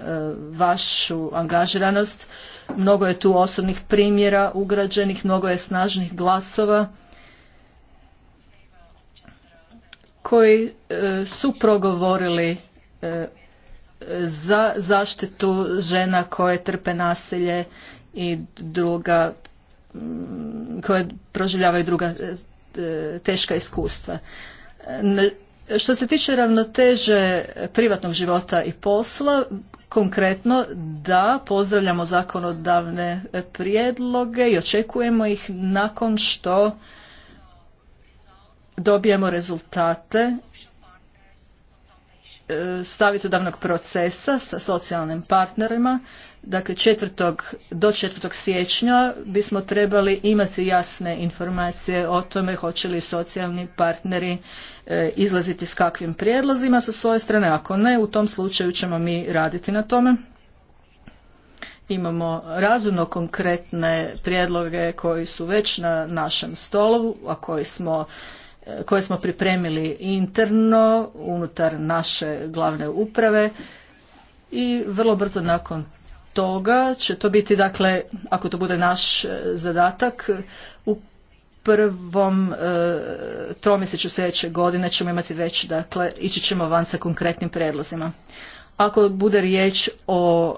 vašu angažiranost, mnogo je tu osobnih primjera ugrađenih, mnogo je snažnih glasova koji e, su progovorili e, za zaštitu žena koje trpe nasilje i druga koje proživljavaju druga e, teška iskustva. Što se tiče ravnoteže privatnog života i posla, konkretno da pozdravljamo zakonodavne prijedloge i očekujemo ih nakon što dobijemo rezultate e, savjetodavnog procesa sa socijalnim partnerima. Dakle, četvrtog, do 4. siječnja bismo trebali imati jasne informacije o tome hoće li socijalni partneri e, izlaziti s kakvim prijedlozima sa svoje strane. Ako ne, u tom slučaju ćemo mi raditi na tome. Imamo razumno konkretne prijedloge koji su već na našem stolu, a koji smo koje smo pripremili interno unutar naše glavne uprave i vrlo brzo nakon toga će to biti dakle ako to bude naš e, zadatak u prvom e, tromjesečju sljedeće godine ćemo imati već dakle ići ćemo van sa konkretnim predlozima Ako bude riječ o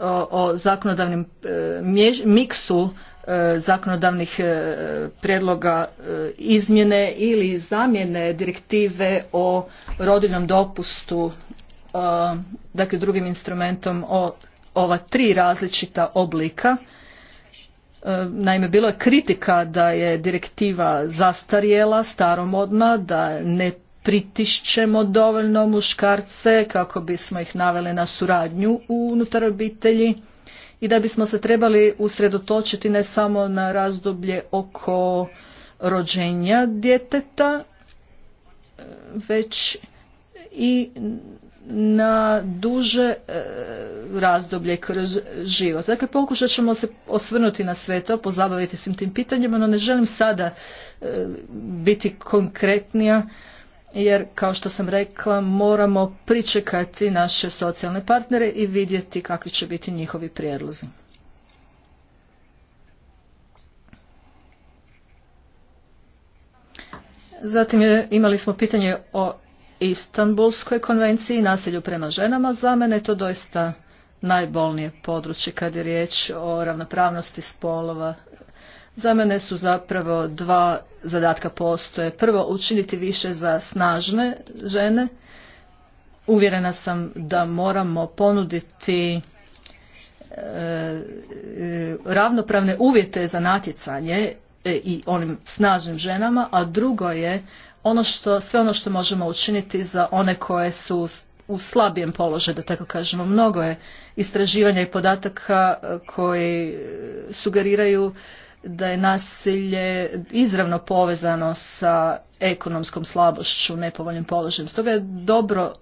o, zakonodavnim e, miksu E, zakonodavnih e, prijedloga e, izmjene ili zamjene direktive o rodiljnom dopustu, dakle drugim instrumentom o ova tri različita oblika. Naime, bilo je kritika da je direktiva zastarjela, staromodna, da ne pritišćemo dovoljno muškarce kako bismo ih naveli na suradnju unutar obitelji i da bismo se trebali usredotočiti ne samo na razdoblje oko rođenja djeteta, e, već i na duže e, razdoblje kroz život. Dakle, pokušat ćemo se osvrnuti na sve to, pozabaviti svim tim pitanjima, no ne želim sada e, biti konkretnija jer kao što sam rekla moramo pričekati naše socijalne partnere i vidjeti kakvi će biti njihovi prijedlozi. Zatim je, imali smo pitanje o Istanbulskoj konvenciji i nasilju prema ženama. Za mene je to doista najbolnije područje kad je riječ o ravnopravnosti spolova za mene su zapravo dva zadatka postoje. Prvo, učiniti više za snažne žene. Uvjerena sam da moramo ponuditi e, e, ravnopravne uvjete za natjecanje e, i onim snažnim ženama, a drugo je ono što, sve ono što možemo učiniti za one koje su u slabijem položaju, da tako kažemo. Mnogo je istraživanja i podataka koji sugeriraju da je nasilje izravno povezano sa ekonomskom slabošću, nepovoljnim položajem. Stoga je dobro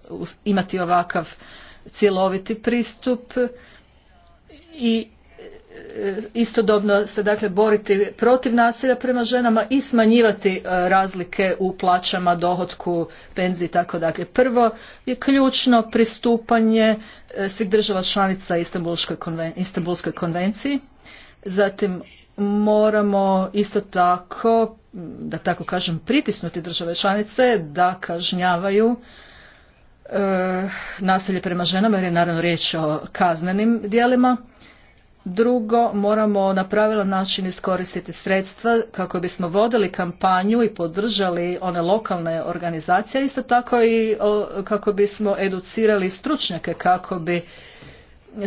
imati ovakav cjeloviti pristup i e, istodobno se dakle boriti protiv nasilja prema ženama i smanjivati e, razlike u plaćama, dohotku, penziji tako dakle. Prvo je ključno pristupanje e, svih država članica Istanbulskoj konvenciji Zatim moramo isto tako, da tako kažem, pritisnuti države članice da kažnjavaju e, nasilje prema ženama jer je naravno riječ o kaznenim djelima. Drugo, moramo na pravilan način iskoristiti sredstva kako bismo vodili kampanju i podržali one lokalne organizacije, isto tako i kako bismo educirali stručnjake kako bi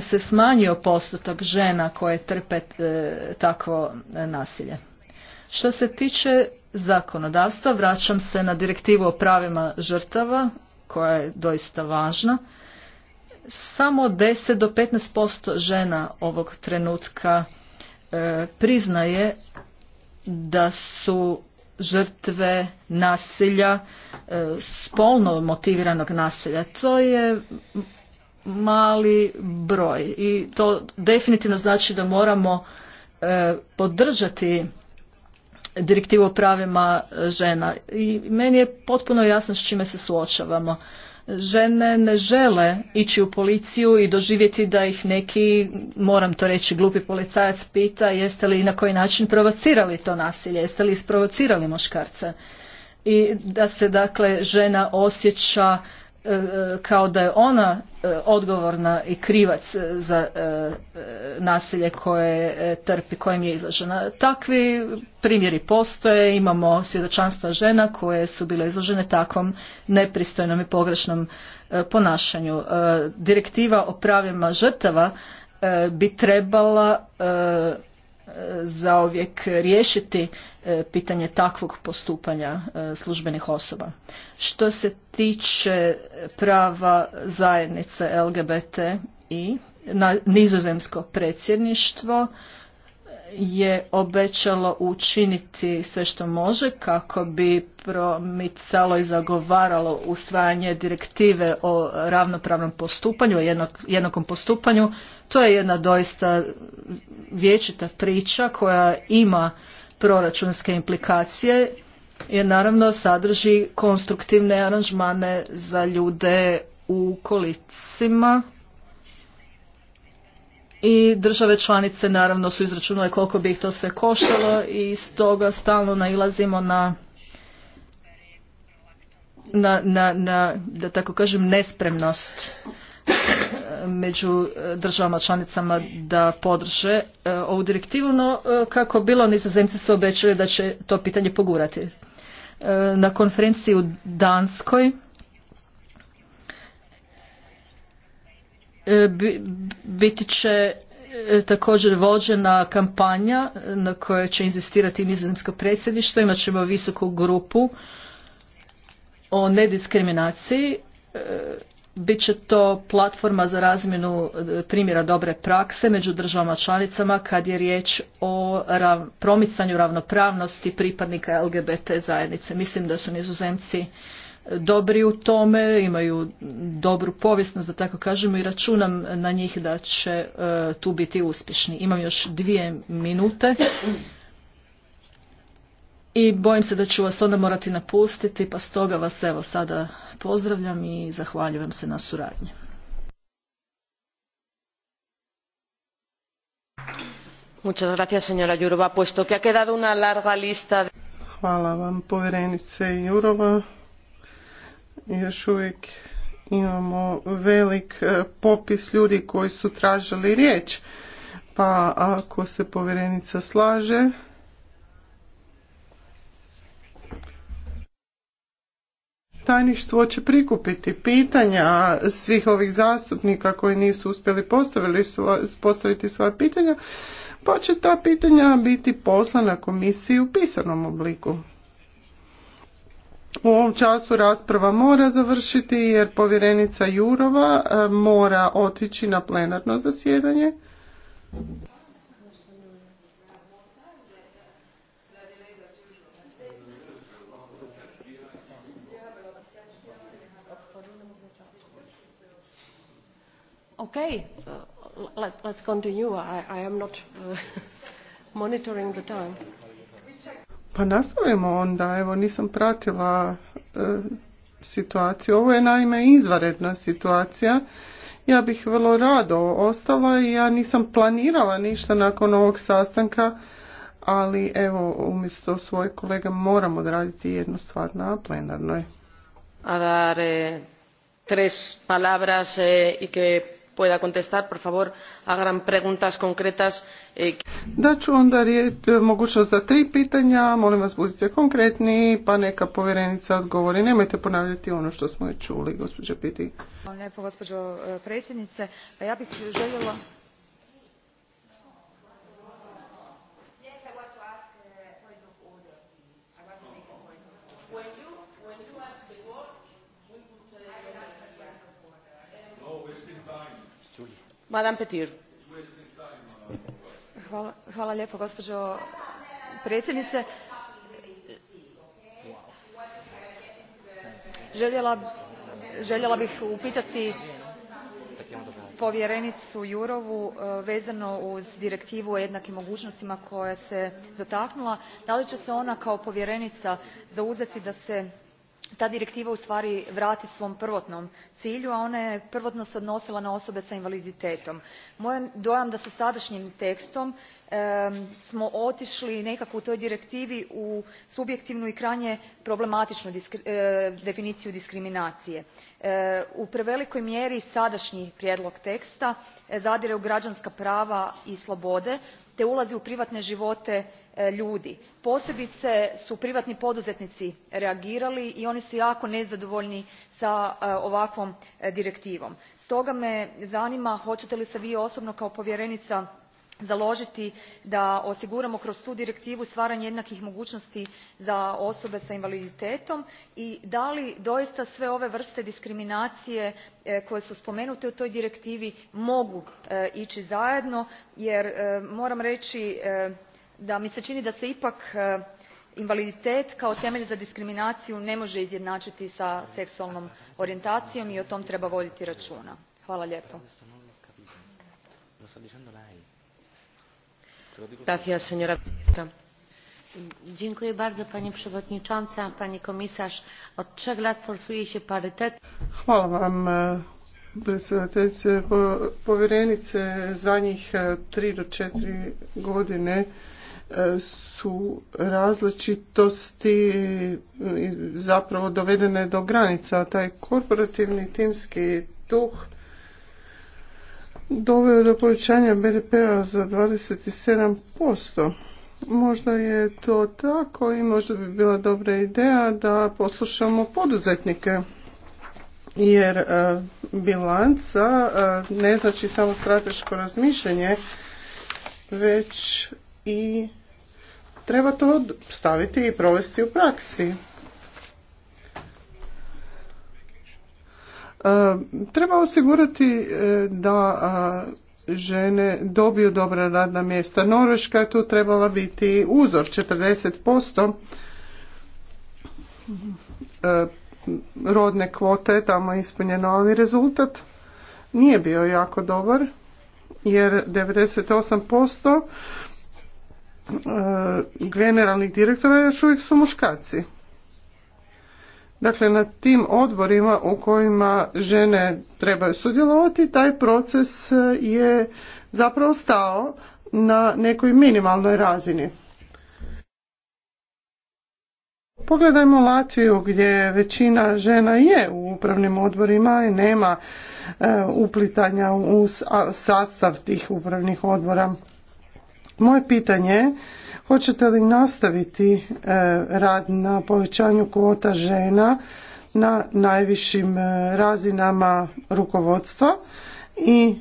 se smanjio postotak žena koje trpe e, takvo e, nasilje. Što se tiče zakonodavstva, vraćam se na direktivu o pravima žrtava, koja je doista važna. Samo 10 do 15% žena ovog trenutka e, priznaje da su žrtve nasilja, spolno motiviranog nasilja. To je mali broj i to definitivno znači da moramo e, podržati direktivu o pravima žena i meni je potpuno jasno s čime se suočavamo. Žene ne žele ići u policiju i doživjeti da ih neki, moram to reći, glupi policajac pita jeste li i na koji način provocirali to nasilje, jeste li isprovocirali muškarca i da se dakle žena osjeća E, kao da je ona e, odgovorna i krivac e, za nasilje koje trpi, kojem je izložena. Takvi primjeri postoje, imamo svjedočanstva žena koje su bile izložene takvom nepristojnom i pogrešnom ponašanju. Direktiva o pravima žrtava bi trebala zauvijek riješiti e, pitanje takvog postupanja e, službenih osoba. Što se tiče prava zajednice LGBT i nizozemsko predsjedništvo je obećalo učiniti sve što može kako bi promicalo i zagovaralo usvajanje direktive o ravnopravnom postupanju, o jednakom postupanju to je jedna doista vječita priča koja ima proračunske implikacije jer naravno sadrži konstruktivne aranžmane za ljude u kolicima i države članice naravno su izračunale koliko bi ih to sve koštalo i stoga stalno nailazimo na na, na, na da tako kažem nespremnost među e, državama članicama da podrže e, ovu direktivu, no e, kako bilo nizozemci se obećali da će to pitanje pogurati. Na konferenciji u Danskoj biti će također vođena kampanja na kojoj će inzistirati nizozemsko predsjedništvo. Imat ćemo visoku grupu o nediskriminaciji Bit će to platforma za razmjenu e, primjera dobre prakse među državama članicama kad je riječ o promicanju ravnopravnosti pripadnika LGBT zajednice. Mislim da su nizozemci e, dobri u tome, imaju dobru povijesnost, da tako kažemo, i računam na njih da će e, tu biti uspješni. Imam još dvije minute i bojim se da ću vas onda morati napustiti, pa stoga vas evo sada pozdravljam i zahvaljujem se na suradnji. Muchas gracias, señora puesto que ha quedado Hvala vam, povjerenice Jurova. Još uvijek imamo velik e, popis ljudi koji su tražili riječ. Pa ako se povjerenica slaže, tajništvo će prikupiti pitanja svih ovih zastupnika koji nisu uspjeli postaviti svoje pitanja, pa će ta pitanja biti poslana komisiji u pisanom obliku. U ovom času rasprava mora završiti jer povjerenica Jurova e, mora otići na plenarno zasjedanje. Okay, uh, let's, let's continue. I, I am not uh, monitoring the time. Pa nastavimo onda, evo nisam pratila e, situaciju. Ovo je naime izvaredna situacija. Ja bih vrlo rado ostala i ja nisam planirala ništa nakon ovog sastanka, ali evo umjesto svojeg kolega moram odraditi jednu stvar na plenarnoj. A dare eh, tres palabras eh, que pueda contestar por favor hagan preguntas concretas eh, dat ću onda eh, mogućnost za tri pitanja molim vas budite konkretni pa neka povjerenica odgovori nemojte ponavljati ono što smo čuli gospođa piti hvala lijepo gospođo eh, predsjednice pa ja bih željela gospođo predsjednice željela bih upitati povjerenicu Jurovu e, vezano uz direktivu o jednakim mogućnostima koje se dotaknula da li će se ona kao povjerenica zauzeti da se ta direktiva ustvari vrati svom prvotnom cilju a ona se prvotno odnosila na osobe sa invaliditetom. moj je dojam da smo sadanjim tekstom otišli nekako u toj direktivi u subjektivnu i krajnje problematičnu e, definiciju diskriminacije. E, u prevelikoj mjeri sadanji prijedlog teksta e, zadire u građanska prava i slobode te ulazi u privatne živote E, ljudi. posebice su privatni poduzetnici reagirali i oni su jako nezadovoljni s e, ovakvom e, direktivom. stoga me zanima hoćete li se vi osobno kao povjerenica založiti da osiguramo kroz tu direktivu stvaranje jednakih mogućnosti za osobe s invaliditetom i da li doista sve ove vrste diskriminacije koje su spomenute u toj direktivi mogu ići zajedno jer moram reći da mi se čini da se ipak e, invaliditet kao temelj za diskriminaciju ne može izjednačiti sa seksualnom orijentacijom i o tome treba voditi računa. hvala lijepo. Hvala vam e, predsjedateljice povjerenice zadnjih e, tri do četiri godine su različitosti e, zapravo dovedene do granica. Taj korporativni timski duh doveo do povećanja BDP-a za 27%. Možda je to tako i možda bi bila dobra ideja da poslušamo poduzetnike jer e, bilanca e, ne znači samo strateško razmišljanje već i treba to staviti i provesti u praksi. E, treba osigurati e, da žene dobiju dobra radna mjesta. Norveška je tu trebala biti uzor 40% e, rodne kvote je tamo ispunjeno, ali rezultat nije bio jako dobar jer 98% E, generalnih direktora još uvijek su muškaci. Dakle, na tim odborima u kojima žene trebaju sudjelovati, taj proces e, je zapravo stao na nekoj minimalnoj razini. Pogledajmo Latviju gdje većina žena je u upravnim odborima i nema e, uplitanja u sastav tih upravnih odbora. Moje pitanje je hoćete li nastaviti e, rad na povećanju kvota žena na najvišim e, razinama rukovodstva i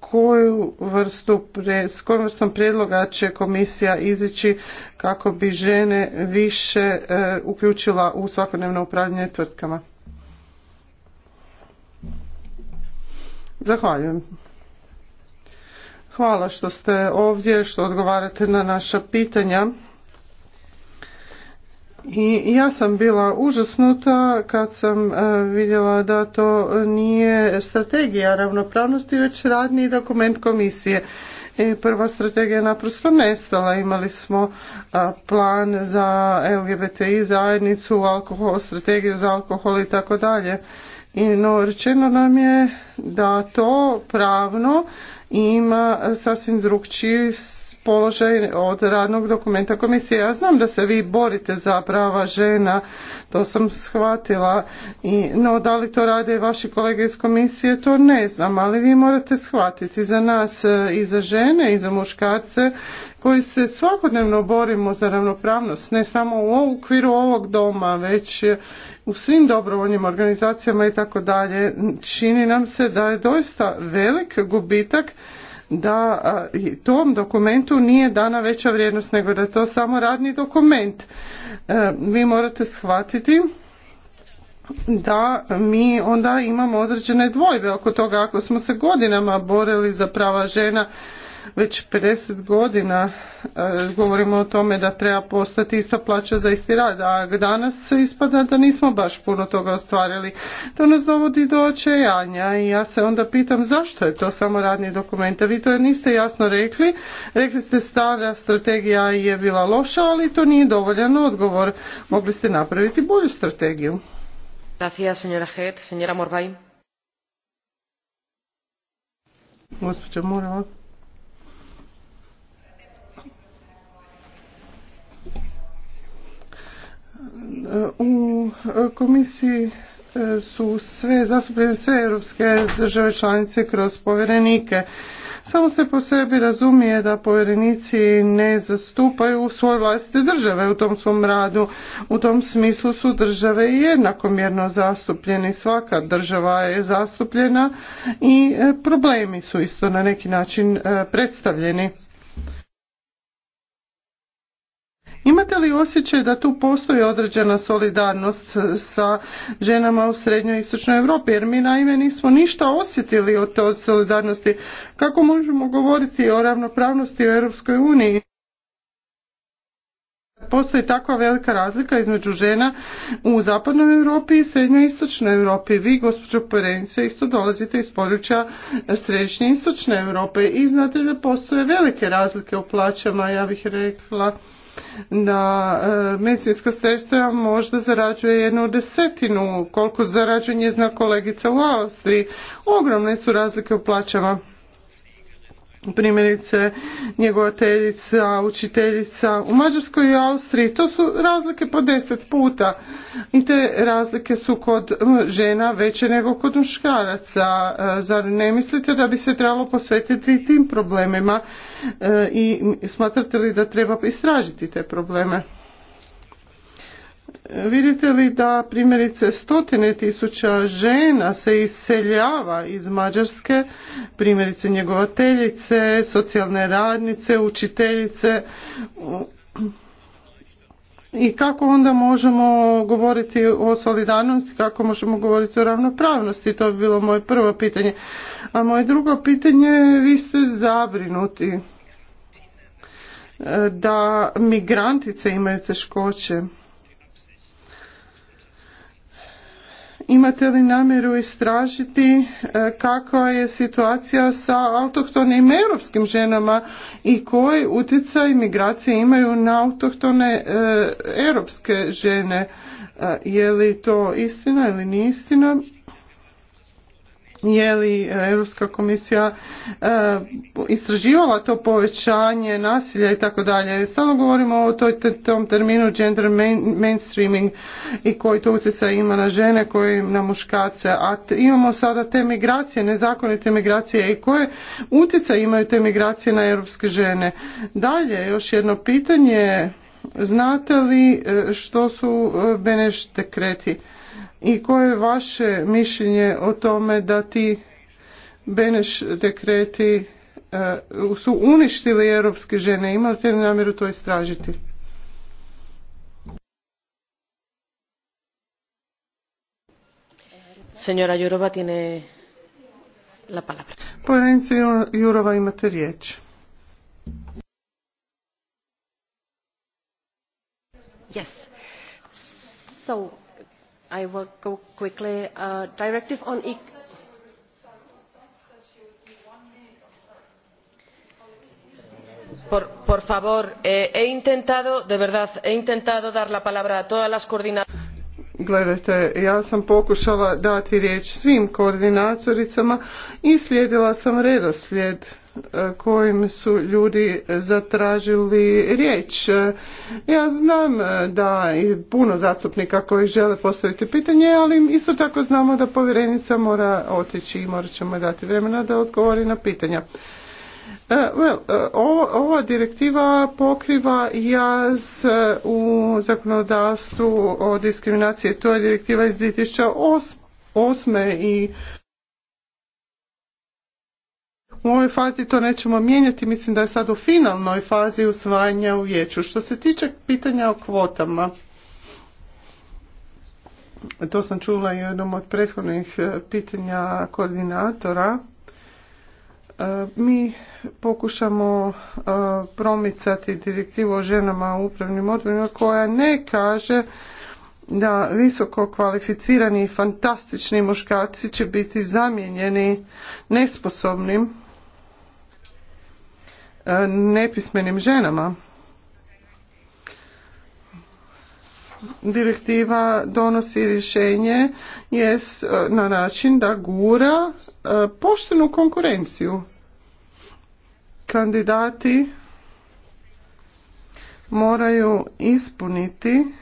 koju vrstu, s kojom vrstom prijedloga će komisija izići kako bi žene više e, uključila u svakodnevno upravljanje tvrtkama. Zahvaljujem. Hvala što ste ovdje, što odgovarate na naša pitanja. I ja sam bila užasnuta kad sam e, vidjela da to nije strategija ravnopravnosti, već radni dokument komisije. I e, prva strategija je naprosto nestala. Imali smo plan za LGBTI zajednicu, alkohol, strategiju za alkohol i tako dalje. I no, rečeno nam je da to pravno ima sasvim drugčiji položaj od radnog dokumenta komisije. Ja znam da se vi borite za prava žena, to sam shvatila, I, no da li to rade vaši kolege iz komisije, to ne znam, ali vi morate shvatiti za nas i za žene i za muškarce koji se svakodnevno borimo za ravnopravnost, ne samo u okviru ovog doma, već u svim dobrovoljnim organizacijama i tako dalje, čini nam se da je doista velik gubitak da tom dokumentu nije dana veća vrijednost nego da je to samo radni dokument. E, vi morate shvatiti da mi onda imamo određene dvojbe oko toga ako smo se godinama borili za prava žena već 50 godina e, govorimo o tome da treba postati ista plaća za isti rad, a danas se ispada da nismo baš puno toga ostvarili. To nas dovodi do očajanja i ja se onda pitam zašto je to samo radni dokument. A vi to niste jasno rekli. Rekli ste stara strategija je bila loša, ali to nije dovoljan odgovor. Mogli ste napraviti bolju strategiju. Gracias, señora Head. Señora u e, komisiji e, su sve zastupljene sve europske države članice kroz povjerenike. Samo se po sebi razumije da povjerenici ne zastupaju svoje vlastite države u tom svom radu. U tom smislu su države jednakomjerno zastupljene, Svaka država je zastupljena i e, problemi su isto na neki način predstavljeni. Imate li osjećaj da tu postoji određena solidarnost sa ženama u srednjoj i istočnoj Europi? Jer mi naime nismo ništa osjetili od te solidarnosti. Kako možemo govoriti o ravnopravnosti u Europskoj uniji? Postoji takva velika razlika između žena u zapadnoj Europi i srednjoj istočnoj Europi. Vi, gospođo Perenice, isto dolazite iz područja središnje istočne Europe i znate da postoje velike razlike u plaćama, ja bih rekla da e, medicinska sestra možda zarađuje jednu desetinu koliko zarađuje njezina kolegica u Austriji. Ogromne su razlike u plaćama primjerice njegovateljica, učiteljica u Mađarskoj i Austriji. To su razlike po deset puta i te razlike su kod žena veće nego kod muškaraca. E, zar ne mislite da bi se trebalo posvetiti tim problemima e, i smatrate li da treba istražiti te probleme? Vidite li da primjerice stotine tisuća žena se iseljava iz Mađarske, primjerice njegovateljice, socijalne radnice, učiteljice, i kako onda možemo govoriti o solidarnosti, kako možemo govoriti o ravnopravnosti, to bi bilo moje prvo pitanje. A moje drugo pitanje, vi ste zabrinuti e, da migrantice imaju teškoće. Imate li namjeru istražiti e, kakva je situacija sa autohtonim europskim ženama i koji utjecaj migracije imaju na autohtone e, europske žene? E, je li to istina ili nije istina? je li e, Europska komisija e, istraživala to povećanje nasilja i tako dalje. Stalno govorimo o tom terminu gender mainstreaming i koji to utjecaj ima na žene koji na muškarce. A imamo sada te migracije, nezakonite migracije i koje utjecaj imaju te migracije na europske žene. Dalje, još jedno pitanje, znate li e, što su Beneš dekreti? i koje je vaše mišljenje o tome da ti Beneš dekreti e, su uništili europske žene. Imate li namjeru to istražiti? Senjora Jurova tiene la palabra. Jurova imate riječ. Yes. So, i will go quickly. Uh, directive on e Por, favor, eh, he intentado, de verdad, he intentado dar la palabra a todas las coordinadoras. Gledajte, ja sam pokušala dati riječ svim koordinatoricama i slijedila sam redoslijed E, kojim su ljudi zatražili riječ. E, ja znam e, da i puno zastupnika koji žele postaviti pitanje, ali isto tako znamo da povjerenica mora otići i morat ćemo dati vremena da odgovori na pitanja. Well, ova direktiva pokriva jaz u zakonodavstvu o diskriminaciji. To je direktiva iz 2008. i u ovoj fazi to nećemo mijenjati, mislim da je sad u finalnoj fazi usvajanja u vijeću. Što se tiče pitanja o kvotama, to sam čula i jednom od prethodnih e, pitanja koordinatora, e, mi pokušamo e, promicati direktivu o ženama u upravnim odborima koja ne kaže da visoko kvalificirani i fantastični muškarci će biti zamijenjeni nesposobnim nepismenim ženama. Direktiva donosi rješenje jest e, na način da gura e, poštenu konkurenciju. Kandidati moraju ispuniti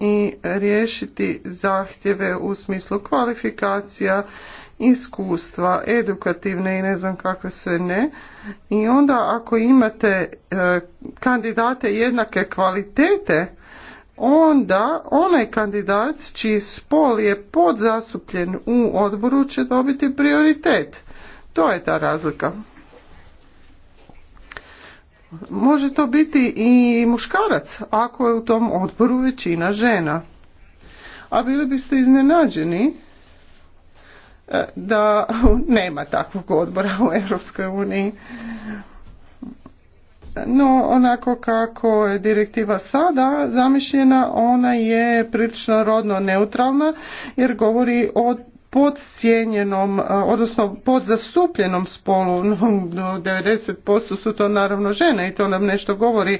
i riješiti zahtjeve u smislu kvalifikacija iskustva, edukativne i ne znam kakve sve ne. I onda ako imate e, kandidate jednake kvalitete, onda onaj kandidat čiji spol je podzastupljen u odboru će dobiti prioritet. To je ta razlika. Može to biti i muškarac ako je u tom odboru većina žena. A bili biste iznenađeni E, da nema takvog odbora u Europskoj uniji. No, onako kako je direktiva sada zamišljena, ona je prilično rodno neutralna jer govori o podcijenjenom, e, odnosno podzastupljenom spolu, no, 90% su to naravno žene i to nam nešto govori.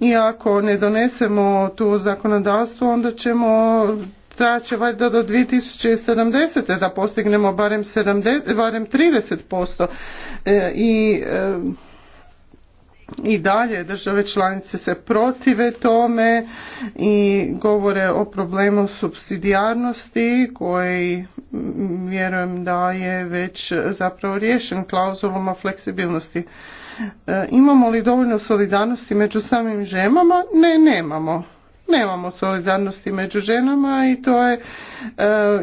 I ako ne donesemo tu zakonodavstvo, onda ćemo će valjda do 2070. da postignemo barem, 70, barem 30%. E, I e, i dalje države članice se protive tome i govore o problemu subsidijarnosti koji vjerujem da je već zapravo riješen klauzulom o fleksibilnosti. E, imamo li dovoljno solidarnosti među samim žemama? Ne, nemamo nemamo solidarnosti među ženama i to je e,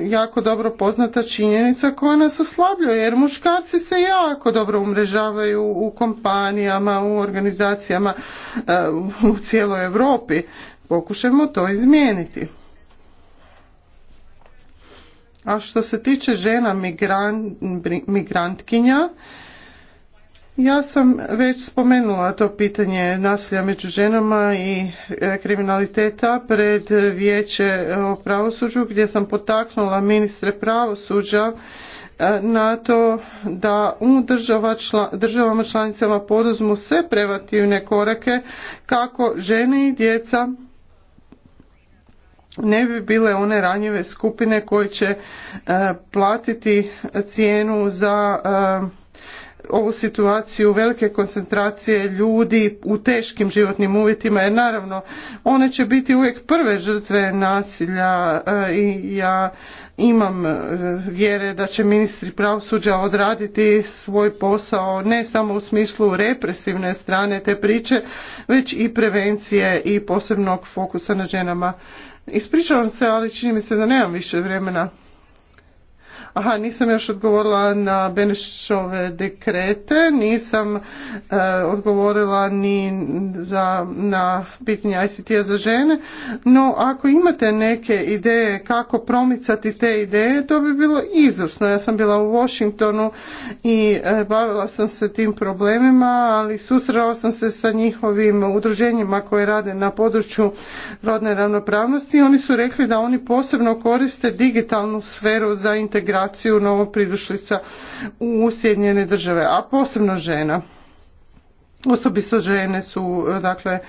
jako dobro poznata činjenica koja nas oslabljuje jer muškarci se jako dobro umrežavaju u kompanijama, u organizacijama e, u cijeloj Europi. Pokušajmo to izmijeniti. A što se tiče žena migrantkinja, ja sam već spomenula to pitanje nasilja među ženama i e, kriminaliteta pred vijeće e, o pravosuđu gdje sam potaknula ministre pravosuđa e, na to da u državama članicama poduzmu sve preventivne korake kako žene i djeca ne bi bile one ranjive skupine koje će platiti cijenu za ovu situaciju velike koncentracije ljudi u teškim životnim uvjetima jer naravno one će biti uvijek prve žrtve nasilja e, i ja imam e, vjere da će ministri pravosuđa odraditi svoj posao ne samo u smislu represivne strane te priče već i prevencije i posebnog fokusa na ženama. Ispričavam se, ali čini mi se da nemam više vremena. Aha, nisam još odgovorila na Benešove dekrete, nisam e, odgovorila ni za, na pitanje ICT-a za žene, no ako imate neke ideje kako promicati te ideje, to bi bilo izvrsno. Ja sam bila u Washingtonu i e, bavila sam se tim problemima, ali susrela sam se sa njihovim udruženjima koje rade na području rodne ravnopravnosti i oni su rekli da oni posebno koriste digitalnu sferu za integraciju populaciju novopridušlica u Sjedinjene države, a posebno žena. Osobito žene su e, dakle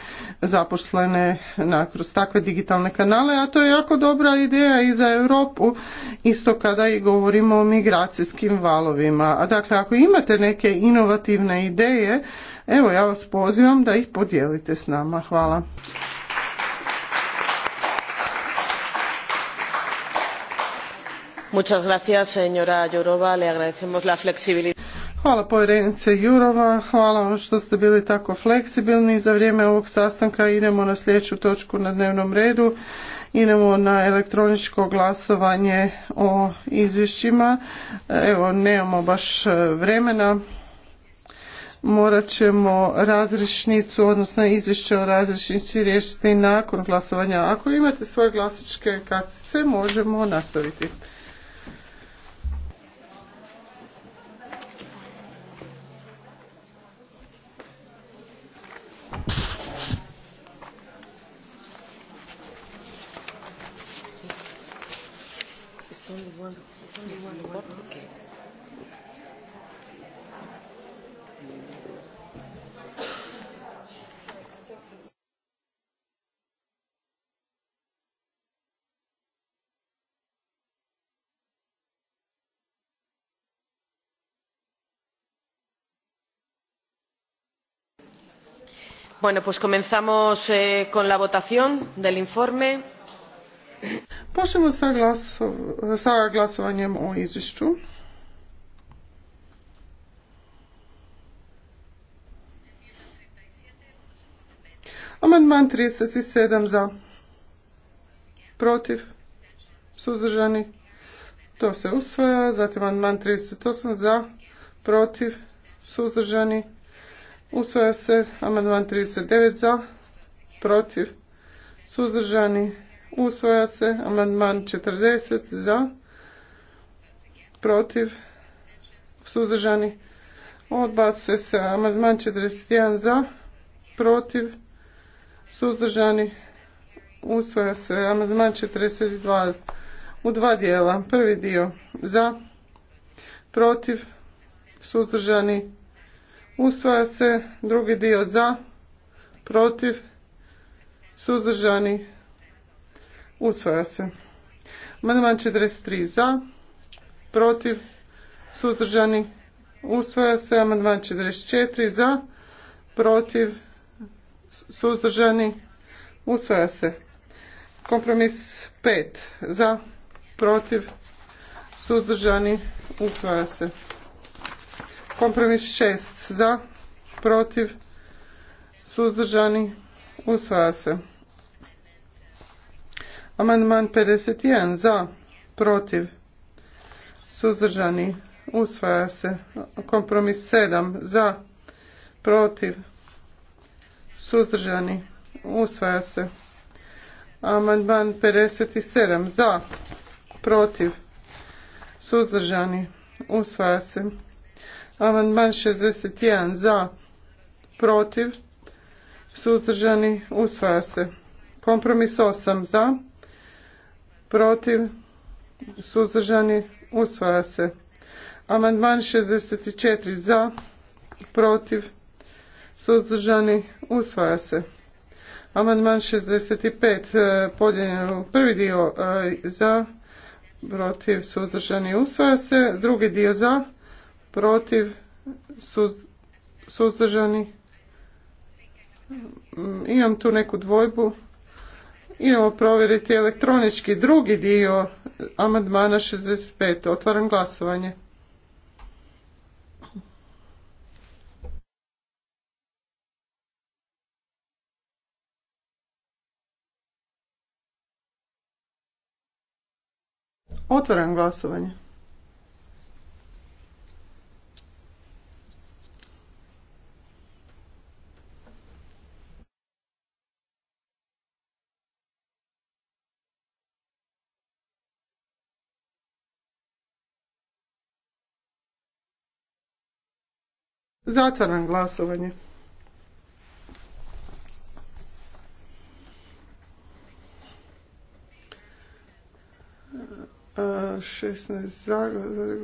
zaposlene na, kroz takve digitalne kanale, a to je jako dobra ideja i za Europu, isto kada i govorimo o migracijskim valovima. A dakle, ako imate neke inovativne ideje, evo ja vas pozivam da ih podijelite s nama. Hvala. Hvala povjerenice Jurova, hvala vam što ste bili tako fleksibilni. Za vrijeme ovog sastanka idemo na sljedeću točku na dnevnom redu. Idemo na elektroničko glasovanje o izvješćima. Evo, nemamo baš e, vremena. Morat ćemo razrišnicu, odnosno izvješće o razrišnici riješiti nakon glasovanja. Ako imate svoje glasičke kartice, možemo nastaviti. comenzamos eh, con la votación del informe. Počnemo sa, glasovanjem o izvješću. Amandman 37 za. Protiv. Suzdržani. To se usvaja. Zatim amandman 38 za. Protiv. Suzdržani. Usvaja se amandman 39 za, protiv, suzdržani. Usvaja se amandman 40 za, protiv, suzdržani. Odbacuje se amandman 41 za, protiv, suzdržani. Usvaja se amandman 42 u dva dijela. Prvi dio za, protiv, suzdržani Usvaja se drugi dio za, protiv, suzdržani. Usvaja se. Amandman 43 za, protiv, suzdržani. Usvaja se. Amandman 44 za, protiv, suzdržani. Usvaja se. Kompromis 5 za, protiv, suzdržani. Usvaja se. Kompromis šest za, protiv, suzdržani, usvaja se. Amandman 51 za, protiv, suzdržani, usvaja se. Kompromis sedam za, protiv, suzdržani, usvaja se. Amandman 57 za, protiv, suzdržani, usvaja se. Amandman 61 za, protiv, suzdržani, usvaja se. Kompromis 8 za, protiv, suzdržani, usvaja se. Amandman 64 za, protiv, suzdržani, usvaja se. Amandman 65 e, podijeljen u prvi dio e, za, protiv, suzdržani, usvaja se. Drugi dio za, protiv, suzdržani. Mm, imam tu neku dvojbu. Idemo provjeriti elektronički drugi dio amandmana 65. Otvaram glasovanje. Otvaram glasovanje. Zatvaram glasovanje. E, šesnaest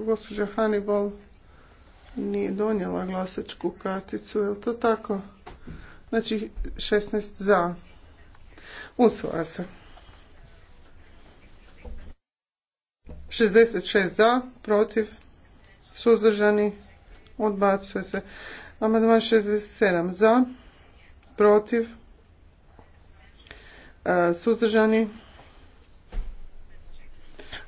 gospođa Hannibal nije donijela glasačku karticu, je li to tako? Znači 16 za. usvoja se. 66 za, protiv, suzdržani, Odbacuje se. Amandman 67 za, protiv, e, suzdržani.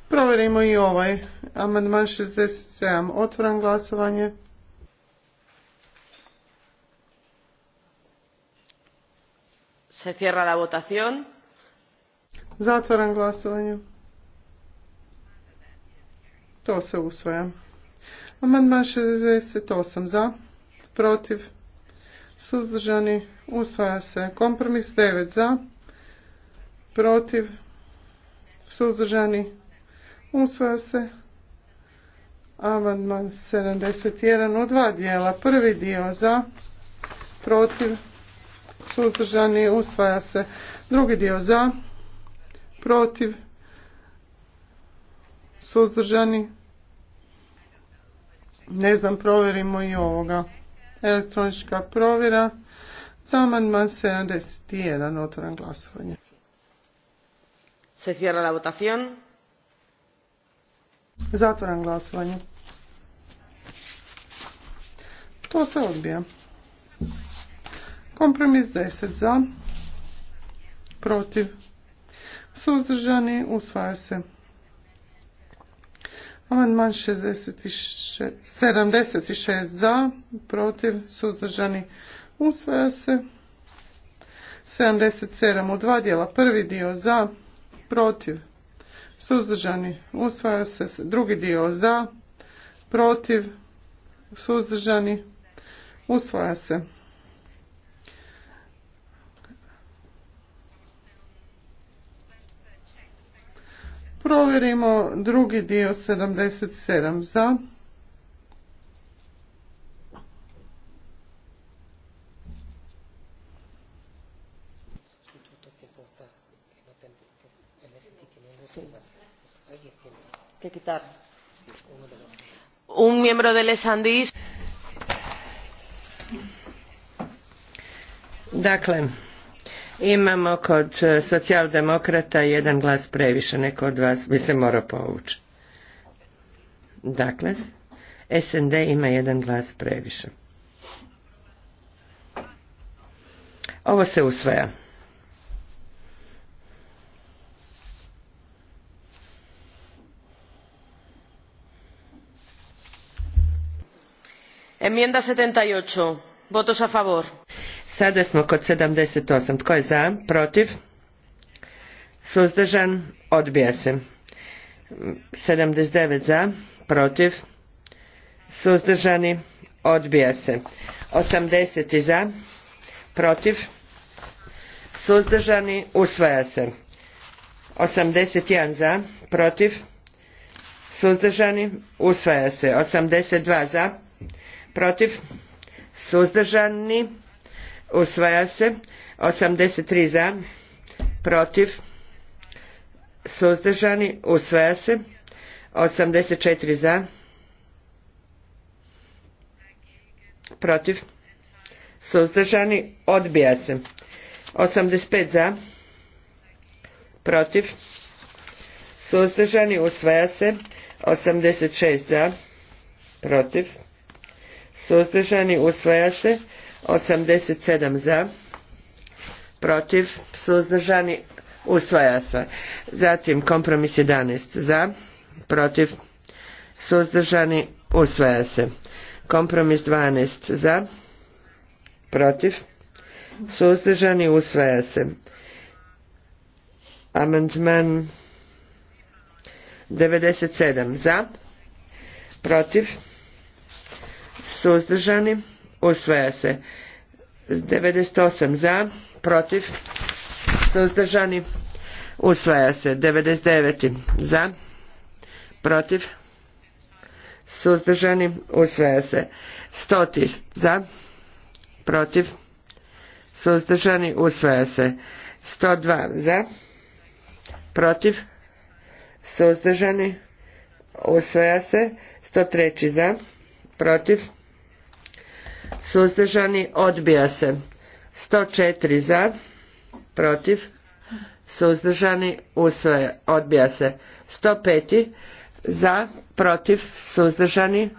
Provjerimo i ovaj. Amandman 67. Otvoram glasovanje. Se cierra la votación. Zatvoram glasovanje. To se usvaja. Amandman 68 za, protiv, suzdržani, usvaja se. Kompromis 9 za, protiv, suzdržani, usvaja se. Amandman 71 u dva dijela. Prvi dio za, protiv, suzdržani, usvaja se. Drugi dio za, protiv, suzdržani, ne znam, provjerimo i ovoga. Elektronička provjera. Za amandman 71. Otvoram glasovanje. Se cierra la votación. Zatvoram glasovanje. To se odbija. Kompromis 10 za. Protiv. Suzdržani usvaja se. Amandman 76 za, protiv, suzdržani, usvaja se. 77 u dva dijela, prvi dio za, protiv, suzdržani, usvaja se. Drugi dio za, protiv, suzdržani, usvaja se. Provjerimo drugi dio 77 za. Un miembro del Esandis. Dakle, Imamo kod e, socijaldemokrata jedan glas previše, neko od vas bi se morao povući. Dakle, SND ima jedan glas previše. Ovo se usvaja. Enmienda 78. Votos a favor. Sada smo kod 78. Tko je za? Protiv? Suzdržan? Odbija se. 79 za? Protiv? Suzdržani? Odbija se. 80 za? Protiv? Suzdržani? Usvaja se. 81 za? Protiv? Suzdržani? Usvaja se. 82 za? Protiv? Suzdržani? usvaja se 83 za protiv suzdržani usvaja se 84 za protiv suzdržani odbija se 85 za protiv suzdržani usvaja se 86 za protiv suzdržani usvaja se 87 za, protiv, suzdržani, usvaja se. Zatim kompromis 11 za, protiv, suzdržani, usvaja se. Kompromis 12 za, protiv, suzdržani, usvaja se. Amandman 97 za, protiv, suzdržani, usvaja se 98 za protiv suzdržani usvaja se 99 za protiv suzdržani usvaja se 100 za protiv suzdržani usvaja se 102 za protiv suzdržani usvaja se 103 za protiv suzdržani, odbija se. 104 za, protiv, suzdržani, usvoje, odbija se. 105 za, protiv, suzdržani,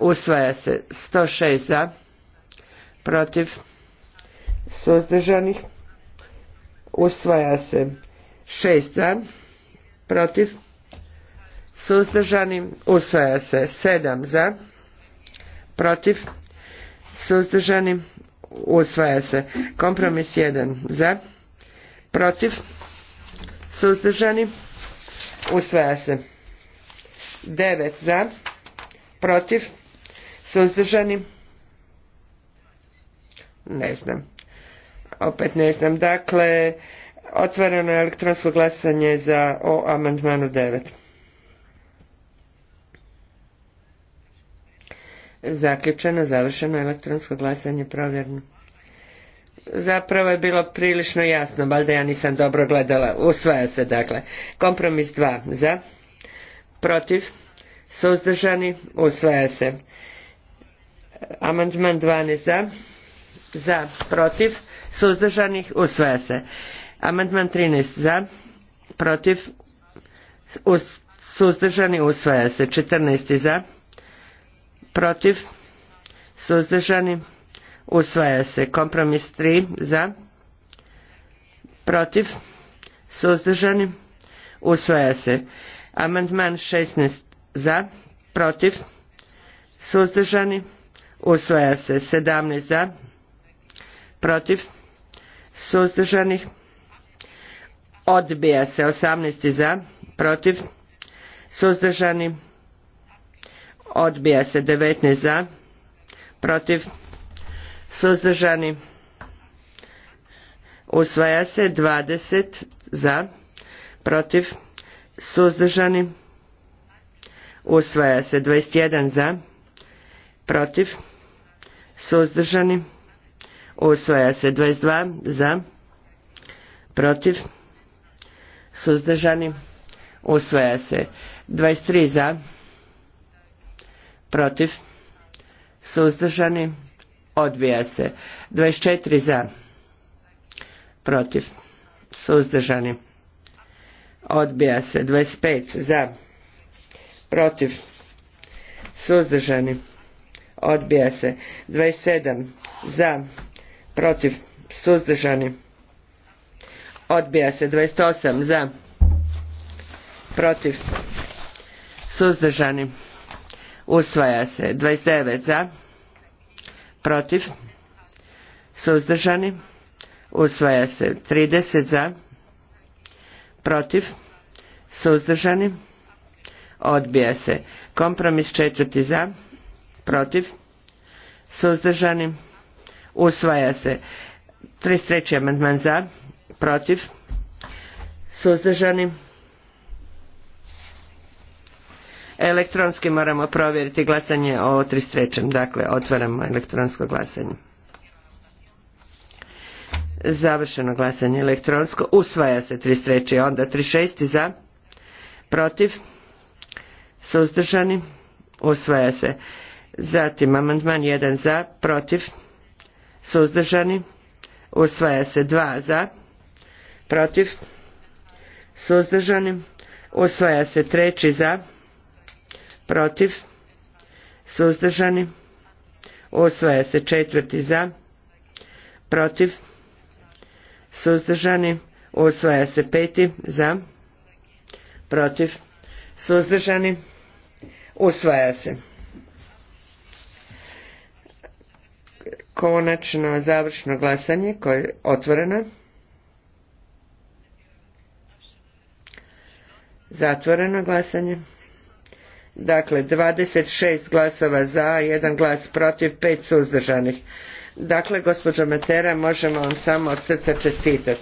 usvaja se. 106 za, protiv, suzdržanih, usvaja se. 6 za, protiv, suzdržani, usvaja se. 7 za, protiv, suzdržani, usvaja se. Kompromis 1 za, protiv, suzdržani, usvaja se. 9 za, protiv, suzdržani, ne znam. Opet ne znam. Dakle, otvoreno je elektronsko glasanje za o amandmanu 9. Zaključeno, završeno elektronsko glasanje provjerno. Zapravo je bilo prilično jasno, valjda ja nisam dobro gledala. Usvaja se dakle. Kompromis 2 za, protiv, suzdržani, usvaja se. Amandman 12 za, za, protiv, Suzdržani. usvaja se. Amandman 13 za, protiv, suzdržani, usvaja se. 14 za, protiv, suzdržani, usvaja se. Kompromis 3 za, protiv, suzdržani, usvaja se. Amandman 16 za, protiv, suzdržani, usvaja se. 17 za, protiv, suzdržanih, odbija se. 18 za, protiv, suzdržani, odbija se 19 za protiv suzdržani usvaja se 20 za protiv suzdržani usvaja se 21 za protiv suzdržani usvaja se 22 za protiv suzdržani usvaja se 23 za protiv, suzdržani, odbija se. 24 za, protiv, suzdržani, odbija se. 25 za, protiv, suzdržani, odbija se. 27 za, protiv, suzdržani, odbija se. 28 za, protiv, suzdržani, usvaja se 29 za protiv suzdržani usvaja se 30 za protiv suzdržani odbija se kompromis četvrti za protiv suzdržani usvaja se 33. amandman za protiv suzdržani Elektronski moramo provjeriti glasanje o 33. Dakle, otvaramo elektronsko glasanje. Završeno glasanje elektronsko. Usvaja se 33. Onda 36. za. Protiv. Suzdržani. Usvaja se. Zatim amandman 1 za. Protiv. Suzdržani. Usvaja se Dva za. Protiv. Suzdržani. Usvaja se treći za protiv, suzdržani, usvaja se četvrti za, protiv, suzdržani, usvaja se peti za, protiv, suzdržani, usvaja se. Konačno završno glasanje koje je otvoreno. Zatvoreno glasanje. Dakle, 26 glasova za, jedan glas protiv, pet suzdržanih. Dakle, gospođo Matera, možemo vam samo od srca čestitati.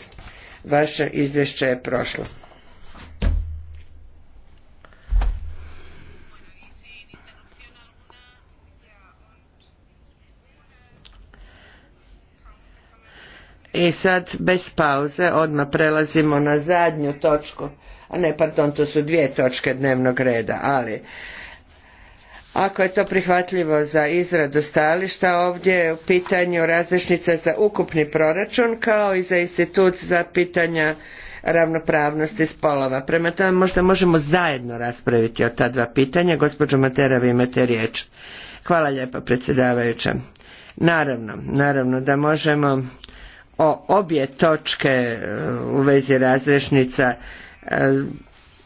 Vaše izvješće je prošlo. I sad bez pauze odmah prelazimo na zadnju točku a ne pardon to su dvije točke dnevnog reda ali ako je to prihvatljivo za izradu stajališta ovdje je u pitanju različnica za ukupni proračun kao i za institut za pitanja ravnopravnosti spolova. Prema tome možda možemo zajedno raspraviti o ta dva pitanja. Gospođo Matera, vi imate riječ. Hvala lijepa predsjedavajuća. Naravno, naravno da možemo o obje točke e, u vezi razrešnica E,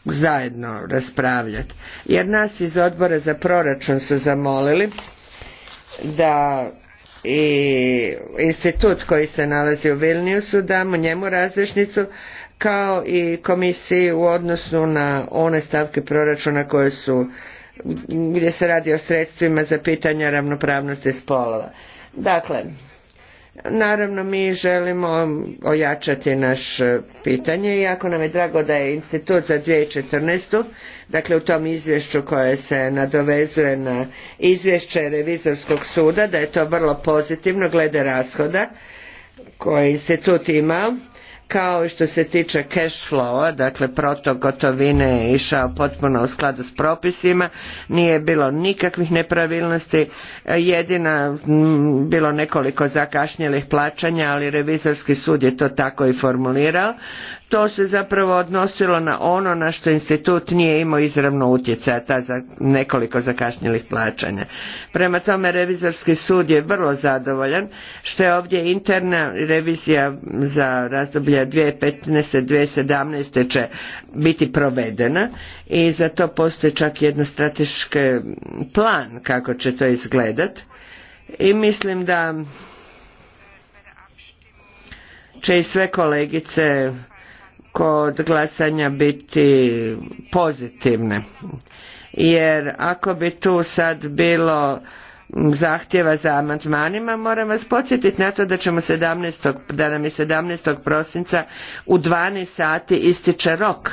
zajedno raspravljati. Jer nas iz odbora za proračun su zamolili da i institut koji se nalazi u Vilniusu damo njemu različnicu kao i komisiji u odnosu na one stavke proračuna koje su gdje se radi o sredstvima za pitanja ravnopravnosti spolova. Dakle, Naravno, mi želimo ojačati naš pitanje i jako nam je drago da je institut za 2014. dakle u tom izvješću koje se nadovezuje na izvješće revizorskog suda, da je to vrlo pozitivno glede rashoda koje institut imao kao i što se tiče cash flowa, dakle protok gotovine je išao potpuno u skladu s propisima, nije bilo nikakvih nepravilnosti, jedina bilo nekoliko zakašnjelih plaćanja, ali revizorski sud je to tako i formulirao, to se zapravo odnosilo na ono na što institut nije imao izravno utjecaja, ta za nekoliko zakašnjelih plaćanja. Prema tome revizorski sud je vrlo zadovoljan što je ovdje interna revizija za razdoblje 2015. 2017. će biti provedena i za to postoji čak jedan strateški plan kako će to izgledat i mislim da će i sve kolegice kod glasanja biti pozitivne. Jer ako bi tu sad bilo zahtjeva za amandmanima, moram vas podsjetiti na to da ćemo 17. da nam je 17. prosinca u 12 sati ističe rok.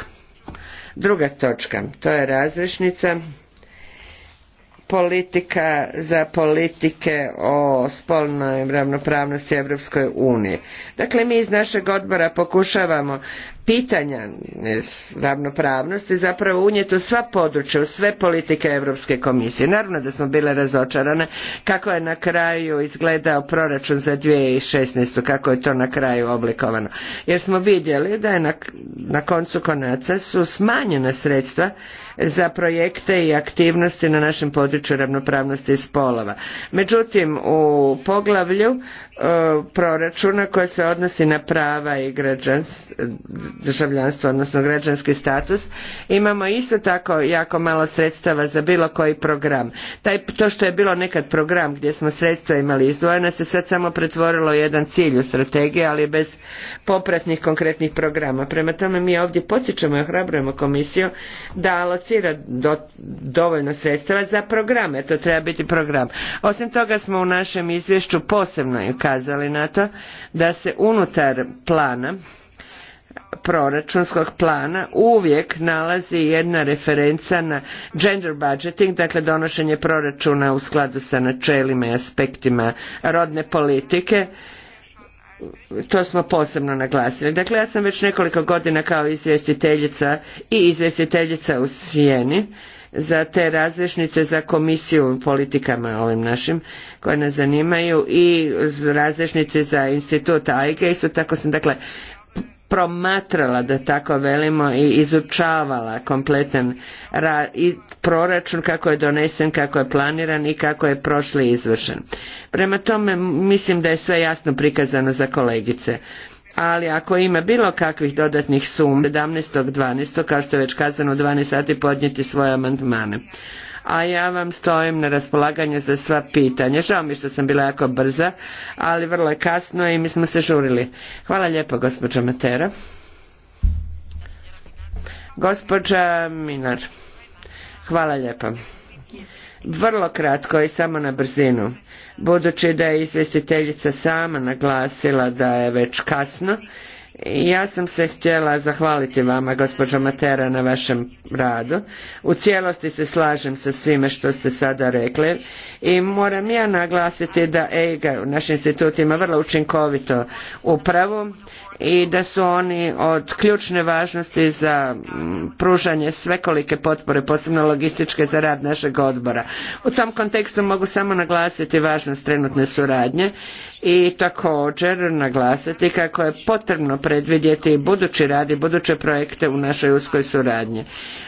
Druga točka, to je razrešnica politika za politike o spolnoj ravnopravnosti Europskoj uniji. Dakle, mi iz našeg odbora pokušavamo pitanja ravnopravnosti zapravo unijeto u sva područja, u sve politike Europske komisije. Naravno da smo bile razočarane kako je na kraju izgledao proračun za 2016. kako je to na kraju oblikovano. Jer smo vidjeli da je na, na koncu konaca su smanjena sredstva za projekte i aktivnosti na našem području ravnopravnosti spolova. Međutim, u poglavlju e, proračuna koje se odnosi na prava i državljanstvo, odnosno građanski status, imamo isto tako jako malo sredstava za bilo koji program. Taj, to što je bilo nekad program gdje smo sredstva imali izdvojena se sad samo pretvorilo u jedan cilj u strategiji, ali bez popratnih konkretnih programa. Prema tome mi ovdje podsjećamo i ohrabrujemo komisiju da alocira dovoljno sredstava za program, jer to treba biti program. Osim toga smo u našem izvješću posebno ukazali na to da se unutar plana proračunskog plana uvijek nalazi jedna referenca na gender budgeting, dakle donošenje proračuna u skladu sa načelima i aspektima rodne politike to smo posebno naglasili. Dakle, ja sam već nekoliko godina kao izvjestiteljica i izvjestiteljica u Sijeni za te razrešnice za komisiju politikama ovim našim koje nas zanimaju i razrešnice za institut AIGE. Isto tako sam dakle promatrala, da tako velimo, i izučavala kompletan i proračun kako je donesen, kako je planiran i kako je prošli izvršen. Prema tome mislim da je sve jasno prikazano za kolegice. Ali ako ima bilo kakvih dodatnih sum, 17.12. kao što je već kazano u 12 sati podnijeti svoje amandmane a ja vam stojim na raspolaganju za sva pitanja. Žao mi što sam bila jako brza, ali vrlo je kasno i mi smo se žurili. Hvala lijepo gospođa Matera. Gospođa Minar, hvala lijepo. Vrlo kratko i samo na brzinu. Budući da je izvjestiteljica sama naglasila da je već kasno, ja sam se htjela zahvaliti vama, gospođo Matera, na vašem radu. U cijelosti se slažem sa svime što ste sada rekli i moram ja naglasiti da EIGA, naš institut ima vrlo učinkovito upravu i da su oni od ključne važnosti za mm, pružanje svekolike potpore, posebno logističke za rad našeg odbora. U tom kontekstu mogu samo naglasiti važnost trenutne suradnje i također naglasiti kako je potrebno predvidjeti budući rad i buduće projekte u našoj uskoj suradnji.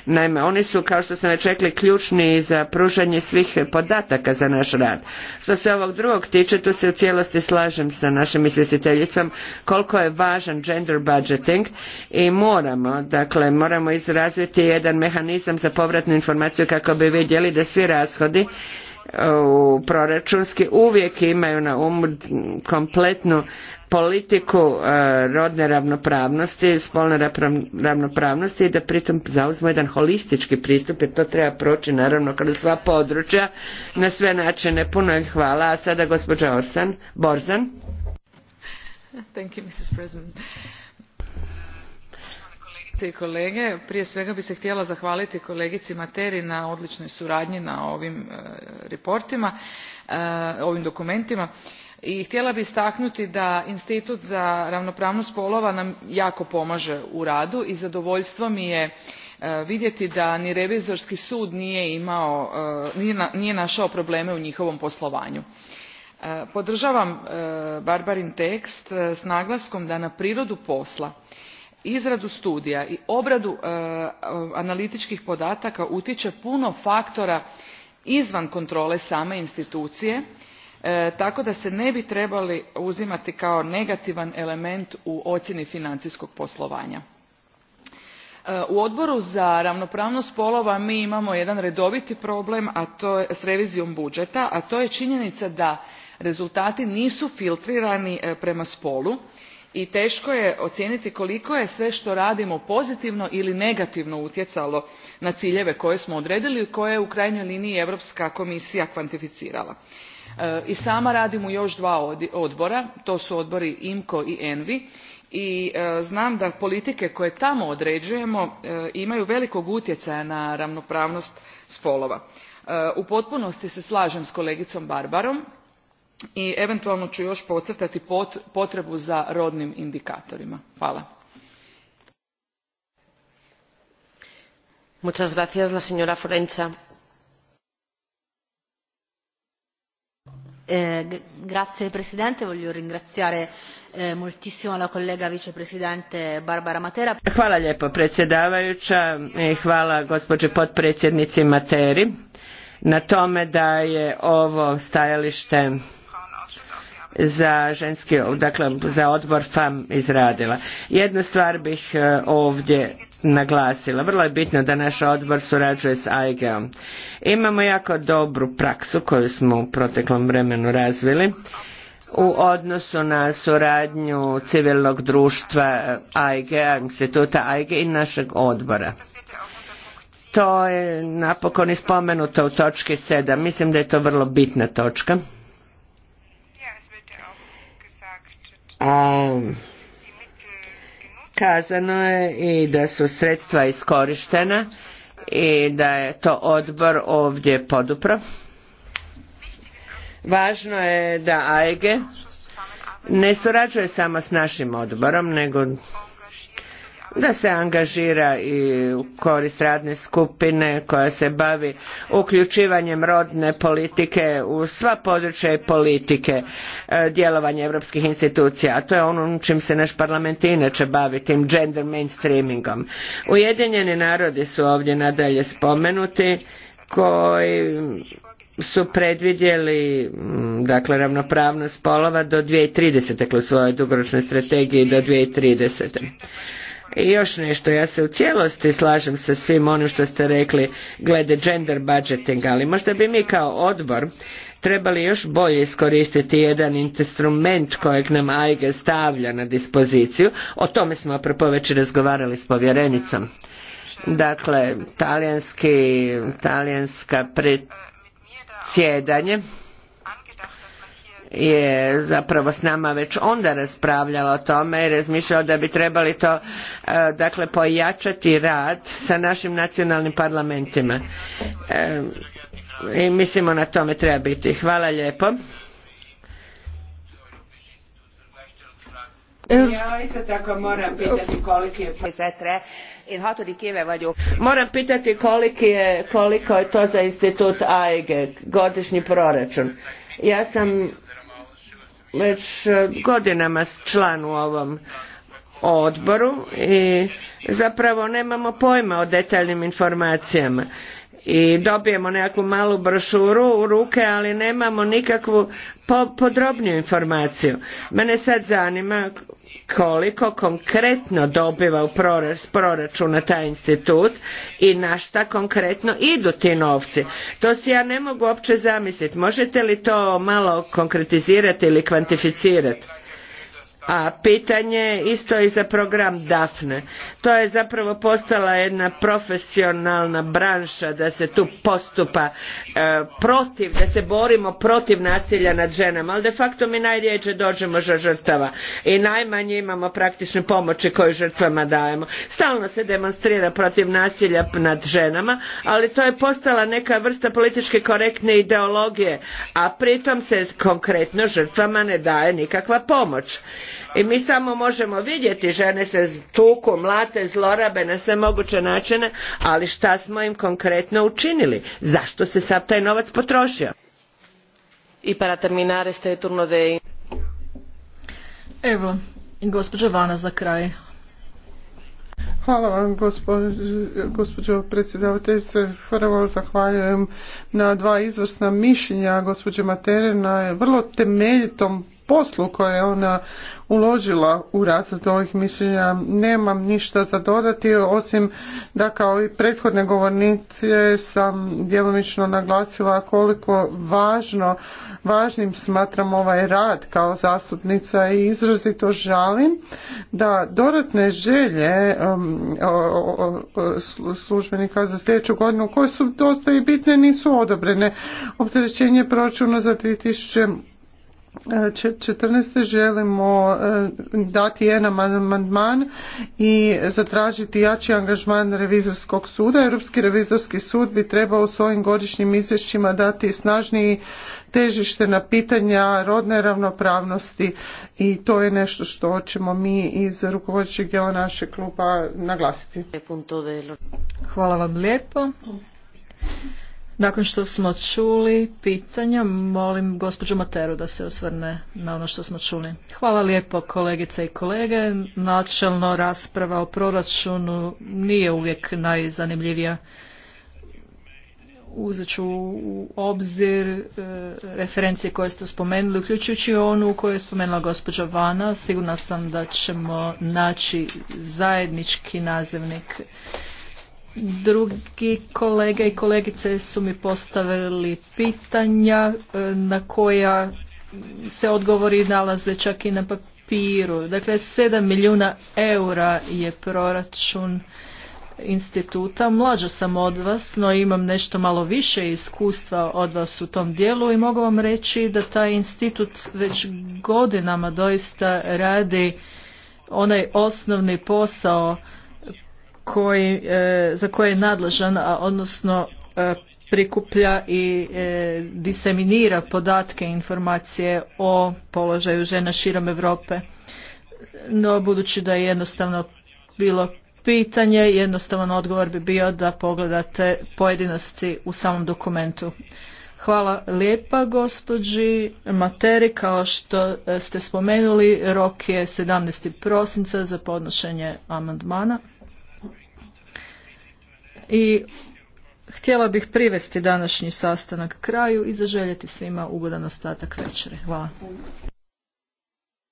Naime, oni su, kao što sam već rekli, ključni za pružanje svih podataka za naš rad. Što se ovog drugog tiče, tu se u cijelosti slažem sa našim izvjestiteljicom koliko je važan gender budgeting i moramo, dakle, moramo izraziti jedan mehanizam za povratnu informaciju kako bi vidjeli da svi rashodi u proračunski uvijek imaju na umu kompletnu politiku e, rodne ravnopravnosti, spolne ravnopravnosti i da pritom zauzmu jedan holistički pristup jer to treba proći naravno kroz sva područja na sve načine. Puno im hvala. A sada gospođa Orsan, Borzan. Thank i kolege prije svega bih se htjela zahvaliti kolegici materi na odličnoj suradnji na ovim e, reportima e, ovim dokumentima i htjela bih istaknuti da institut za ravnopravnost spolova nam jako pomaže u radu i zadovoljstvo mi je e, vidjeti da ni revizorski sud nije imao nije našao probleme u njihovom poslovanju podržavam barbarin tekst s naglaskom da na prirodu posla izradu studija i obradu e, analitičkih podataka utječe puno faktora izvan kontrole same institucije e, tako da se ne bi trebali uzimati kao negativan element u ocjeni financijskog poslovanja. E, u odboru za ravnopravnost spolova mi imamo jedan redoviti problem a to je, s revizijom budžeta a to je činjenica da rezultati nisu filtrirani prema spolu i teško je ocijeniti koliko je sve što radimo pozitivno ili negativno utjecalo na ciljeve koje smo odredili i koje je u krajnjoj liniji europska komisija kvantificirala. E, i sama radim u još dva odbora to su odbori imco i envi i e, znam da politike koje tamo određujemo e, imaju velikog utjecaja na ravnopravnost spolova. u potpunosti se slažem s kolegicom barbarom i eventualno ću još podcrtati potrebu za rodnim indikatorima. Hvala. Muchas gracias, la señora Forenza. Eh, grazie Presidente, voglio ringraziare eh, moltissimo la collega vicepresidente Barbara Matera. Hvala lijepo predsjedavajuća i hvala gospođi potpredsjednici Materi na tome da je ovo stajalište za ženski, dakle za odbor FAM izradila. Jednu stvar bih e, ovdje naglasila. Vrlo je bitno da naš odbor surađuje s AIG-om. Imamo jako dobru praksu koju smo u proteklom vremenu razvili u odnosu na suradnju civilnog društva e, aig instituta AIG i našeg odbora. To je napokon ispomenuto u točki 7. Mislim da je to vrlo bitna točka. a kazano je i da su sredstva iskorištena i da je to odbor ovdje podupro. Važno je da AEG e ne surađuje samo s našim odborom, nego da se angažira i u korist radne skupine koja se bavi uključivanjem rodne politike u sva područja i politike e, djelovanja europskih institucija, a to je ono čim se naš parlament inače bavi, tim gender mainstreamingom. Ujedinjeni narodi su ovdje nadalje spomenuti koji su predvidjeli mm, dakle ravnopravnost spolova do 2030. dakle u svojoj dugoročnoj strategiji do 2030. I još nešto, ja se u cijelosti slažem sa svim onim što ste rekli glede gender budgeting, ali možda bi mi kao odbor trebali još bolje iskoristiti jedan instrument kojeg nam AIGE stavlja na dispoziciju. O tome smo apropo već razgovarali s povjerenicom. Dakle, talijanski, talijanska predsjedanje je zapravo s nama već onda raspravljala o tome i razmišljao da bi trebali to e, dakle pojačati rad sa našim nacionalnim parlamentima e, i mislimo na tome treba biti. Hvala lijepo. moram pitati koliki je koliko je to za institut AEG, godišnji proračun. Ja sam već e, godinama član u ovom odboru i zapravo nemamo pojma o detaljnim informacijama i dobijemo nekakvu malu brošuru u ruke, ali nemamo nikakvu po podrobniju informaciju. Mene sad zanima koliko konkretno dobiva u proračuna taj institut i na šta konkretno idu ti novci. To si ja ne mogu uopće zamisliti. Možete li to malo konkretizirati ili kvantificirati? a pitanje isto i za program dafne to je zapravo postala jedna profesionalna branša da se tu postupa e, protiv da se borimo protiv nasilja nad ženama ali de facto mi najrijeđe dođemo do žrtava i najmanje imamo praktične pomoći koju žrtvama dajemo stalno se demonstrira protiv nasilja nad ženama ali to je postala neka vrsta političke korektne ideologije a pritom se konkretno žrtvama ne daje nikakva pomoć i mi samo možemo vidjeti žene se tuku, mlade, zlorabe na sve moguće načine, ali šta smo im konkretno učinili? Zašto se sav taj novac potrošio? I para este Evo, gospođa Vana za kraj. Hvala vam gospođo, predsjedavateljice. Prvo zahvaljujem na dva izvrsna mišljenja gospođe Materina na vrlo temeljitom poslu koje je ona uložila u razred ovih mišljenja. Nemam ništa za dodati osim da kao i prethodne govornice sam djelomično naglasila koliko važno, važnim smatram ovaj rad kao zastupnica i izrazito žalim da dodatne želje um, službenika za sljedeću godinu koje su dosta i bitne nisu odobrene. Opterećenje proračuna za 14. želimo eh, dati jedan amandman i zatražiti jači angažman revizorskog suda. Europski revizorski sud bi trebao u svojim godišnjim izvješćima dati snažniji težište na pitanja rodne ravnopravnosti i to je nešto što ćemo mi iz rukovodećeg dijela našeg kluba naglasiti. Hvala vam lijepo. Nakon što smo čuli pitanja, molim gospođu Materu da se osvrne na ono što smo čuli. Hvala lijepo kolegice i kolege. Načelno rasprava o proračunu nije uvijek najzanimljivija. Uzet ću u obzir e, referencije koje ste spomenuli, uključujući onu koju je spomenula gospođa Vana. Sigurna sam da ćemo naći zajednički nazivnik Drugi kolege i kolegice su mi postavili pitanja e, na koja se odgovori nalaze čak i na papiru. Dakle, 7 milijuna eura je proračun instituta. Mlađa sam od vas, no imam nešto malo više iskustva od vas u tom dijelu i mogu vam reći da taj institut već godinama doista radi onaj osnovni posao koji, e, za koje je nadležan, odnosno e, prikuplja i e, diseminira podatke i informacije o položaju žena širom Europe. No, budući da je jednostavno bilo pitanje, jednostavan odgovor bi bio da pogledate pojedinosti u samom dokumentu. Hvala lijepa gospođi Materi. Kao što ste spomenuli, rok je 17. prosinca za podnošenje amandmana i htjela bih privesti današnji sastanak kraju i zaželjeti svima ugodan ostatak večere. Hvala.